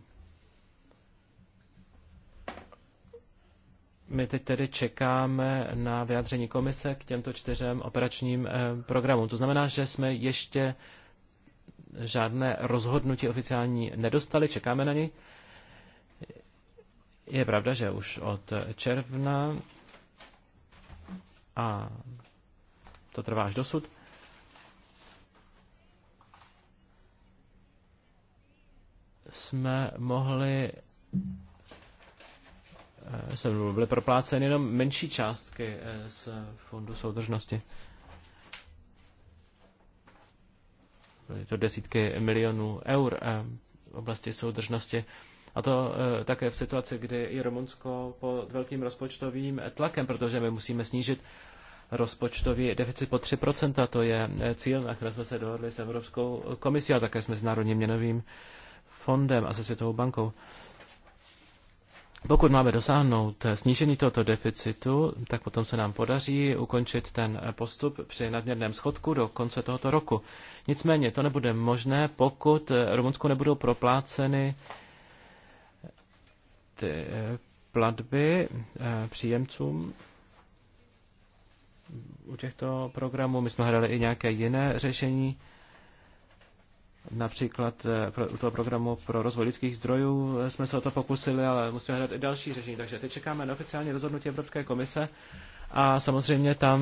My teď tedy čekáme na vyjádření komise k těmto čtyřem operačním eh, programům. To znamená, že jsme ještě žádné rozhodnutí oficiální nedostali, čekáme na ně. Je pravda, že už od června a to trvá až dosud. Jsme mohli Eh, se byly propláceny jenom menší částky eh, z fondu soudržnosti. Byly to desítky milionů eur eh, v oblasti soudržnosti. A to také v situaci, kdy i Rumunsko pod velkým rozpočtovým tlakem, protože my musíme snížit rozpočtový deficit po 3%, to je cíl, na který jsme se dohodli s Evropskou komisí a také s Mezinárodním měnovým fondem a se Světovou bankou. Pokud máme dosáhnout snížení tohoto deficitu, tak potom se nám podaří ukončit ten postup při nadměrném schodku do konce tohoto roku. Nicméně to nebude možné, pokud Rumunsku nebudou propláceny ty eh, platby eh, příjemcům u těchto programů. My jsme hledali i nějaké jiné řešení. Například eh, u toho programu pro rozvoj lidských zdrojů eh, jsme se o to pokusili, ale musíme hledat i další řešení. Takže teď čekáme na oficiální rozhodnutí Evropské komise a samozřejmě tam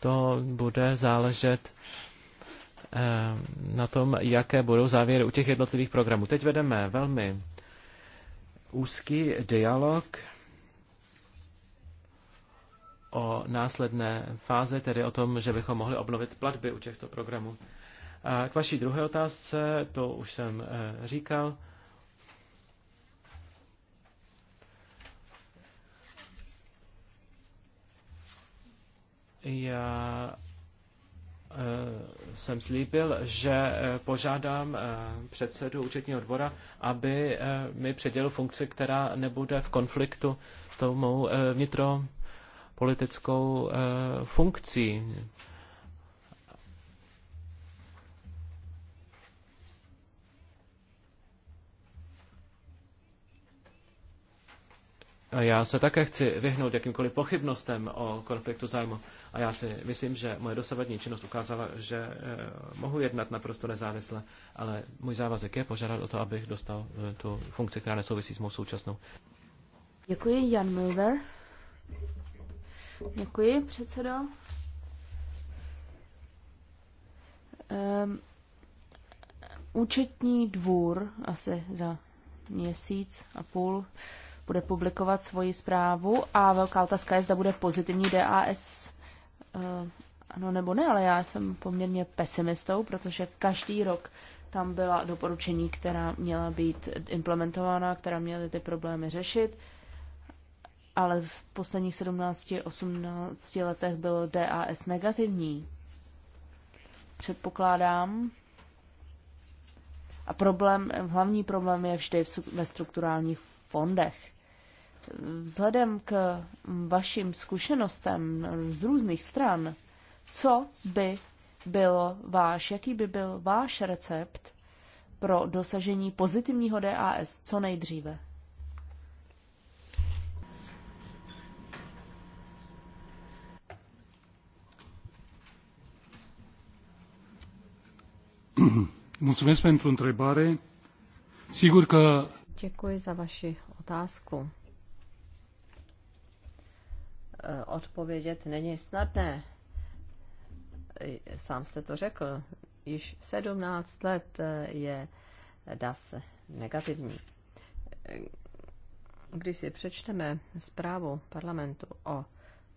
to bude záležet eh, na tom, jaké budou závěry u těch jednotlivých programů. Teď vedeme velmi úzký dialog o následné fázi, tedy o tom, že bychom mohli obnovit platby u těchto programů. A k vaší druhé otázce, to už jsem eh, říkal. Já eh, jsem slíbil, že eh, požádám předsedu účetního dvora, aby mi předělil funkci, která nebude v konfliktu s tou mou vnitropolitickou funkcí. A já se také chci vyhnout jakýmkoliv pochybnostem o konfliktu zájmu. A já si myslím, že moje dosavadní činnost ukázala, že eh, mohu jednat naprosto nezávisle, ale můj závazek je požádat o to, abych dostal eh, tu funkci, která nesouvisí s mou současnou. Děkuji, Jan Mulder. Děkuji, předsedo. Um, účetní dvůr asi za měsíc a půl bude publikovat svoji zprávu a velká otázka je, zda bude pozitivní DAS eh, ano nebo ne, ale já jsem poměrně pesimistou, protože každý rok tam byla doporučení, která měla být implementována, která měly ty problémy řešit, ale v posledních 17-18 letech byl DAS negativní. Předpokládám, a problém, hlavní problém je vždy ve strukturálních fondech vzhledem k vašim zkušenostem z různých stran, co by byl váš, jaký by byl váš recept pro dosažení pozitivního DAS co nejdříve? (clears throat) Děkuji za vaši otázku. Eh, odpovědět není snadné. Eh, sám jste to řekl, již 17 let eh, je DAS negativní. Když si přečteme zprávu parlamentu o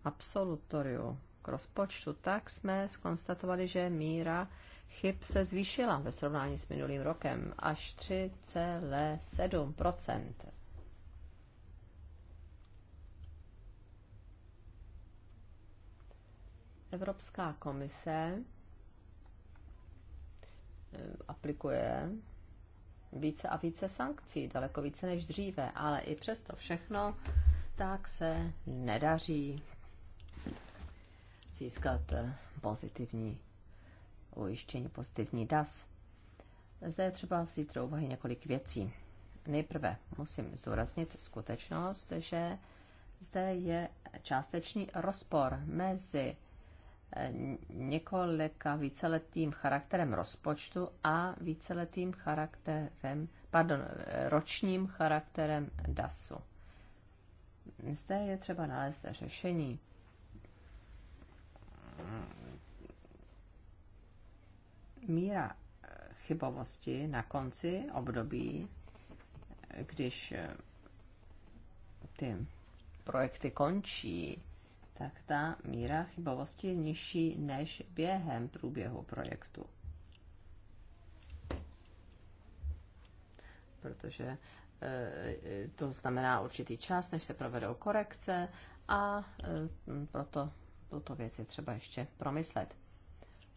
absolutoriu k rozpočtu, tak jsme skonstatovali, že míra chyb se zvýšila ve srovnání s minulým rokem až 3,7 Evropská komise eh, aplikuje více a více sankcí, daleko více než dříve, ale i přesto všechno tak se nedaří získat eh, pozitivní ujištění, pozitivní DAS. Zde je třeba vzít do úvahy několik věcí. Nejprve musím zdůraznit skutečnost, že zde je částečný rozpor mezi několika víceletým charakterem rozpočtu a víceletým charakterem, pardon, ročním charakterem DASu. Zde je třeba nalézt řešení. Míra chybovosti na konci období, když ty projekty končí, tak ta míra chybovosti je nižší než během průběhu projektu. Protože eh, to znamená určitý čas, než se provedou korekce a eh, proto tuto věc je třeba ještě promyslet.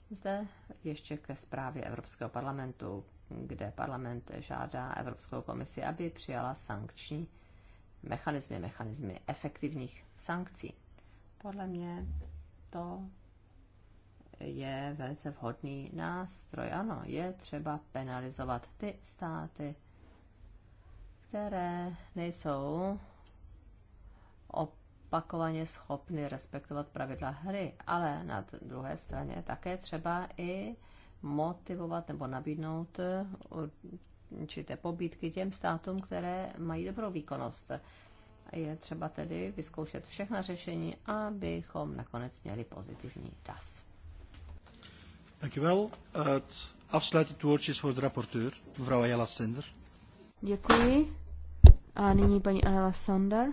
Zde ještě ke zprávě Evropského parlamentu, kde parlament žádá Evropskou komisi, aby přijala sankční mechanizmy, mechanizmy efektivních sankcí. Podle mě to je velice vhodný nástroj. Ano, je třeba penalizovat ty státy, které nejsou opakovaně schopny respektovat pravidla hry, ale na druhé straně také třeba i motivovat nebo nabídnout určité pobídky těm státům, které mají dobrou výkonnost je třeba tedy vyzkoušet všechna řešení, abychom nakonec měli pozitivní DAS. Děkuji. A nyní paní Ayala Sander.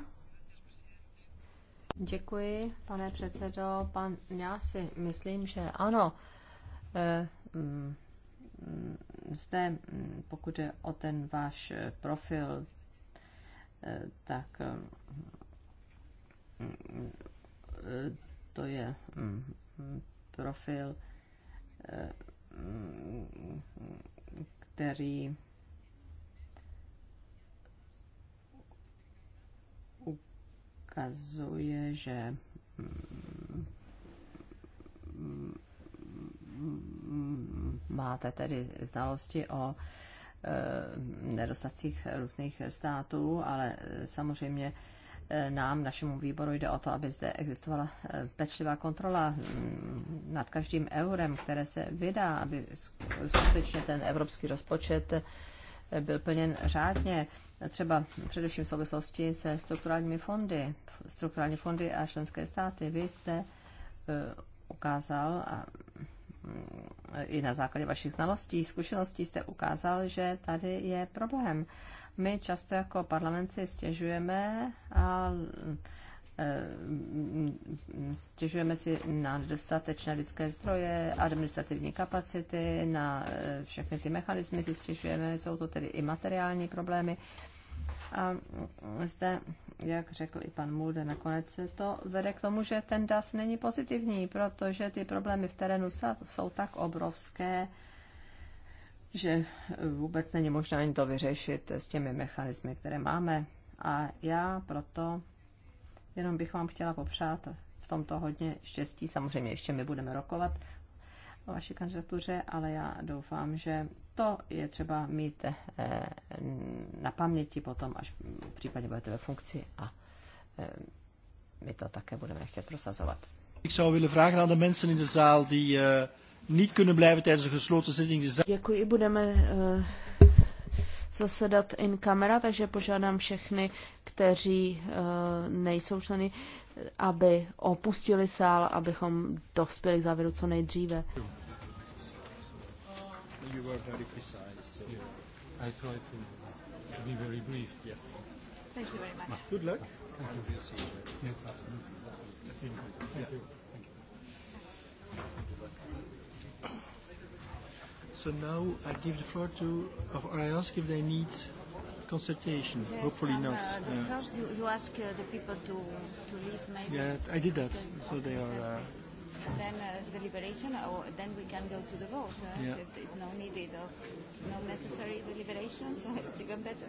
Děkuji, pane předsedo. Pan, já si myslím, že ano. E, eh, m, mm, mm, zde, mm, pokud je o ten váš eh, profil, Eh, tak eh, eh, to je mm, profil, který ukazuje, že mm, mm, máte tedy znalosti o Eh, nedostacích různých států, ale eh, samozřejmě eh, nám, našemu výboru, jde o to, aby zde existovala pečlivá kontrola mm, nad každým eurem, které se vydá, aby skutečně ten evropský rozpočet byl plněn řádně, třeba především v souvislosti se strukturálními fondy, strukturální fondy a členské státy. Vy jste ukázal a i na základě vašich znalostí, zkušeností jste ukázal, že tady je problém. My často jako parlament si stěžujeme a eh, stěžujeme si na dostatečné lidské zdroje, administrativní kapacity, na eh, všechny ty mechanismy si stěžujeme, jsou to tedy i materiální problémy. A zde, jak řekl i pan Mulde, nakonec se to vede k tomu, že ten DAS není pozitivní, protože ty problémy v terénu jsou tak obrovské, že vůbec není možné ani to vyřešit s těmi mechanismy, které máme. A já proto jenom bych vám chtěla popřát v tomto hodně štěstí. Samozřejmě ještě my budeme rokovat vaší kandidatuře, ale já doufám, že to je třeba mít eh, na paměti potom, až v případě budete ve funkci a eh, my to také budeme chtět prosazovat. Ik zou willen vragen aan de mensen in de zaal die uh, niet kunnen blijven tijdens een gesloten zitting. Děkuji, budeme uh, zasedat in kamera, takže požádám všechny, kteří uh, nejsou členy aby opustili sál, abychom dospěli k závěru co nejdříve. Ah, so now I give the floor to, or I ask if they need consultation. Yes, Hopefully and, not. Uh, First, uh, you, you ask uh, the people to, to leave, maybe. Yeah, I did that. So they are. Uh, and then uh, the liberation, or uh, then we can go to the vote. Uh, yeah. If there is no needed of no necessary deliberation, (laughs) so it's even better.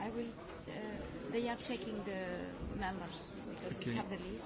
I will. Uh, they are checking the members because okay. we have the list.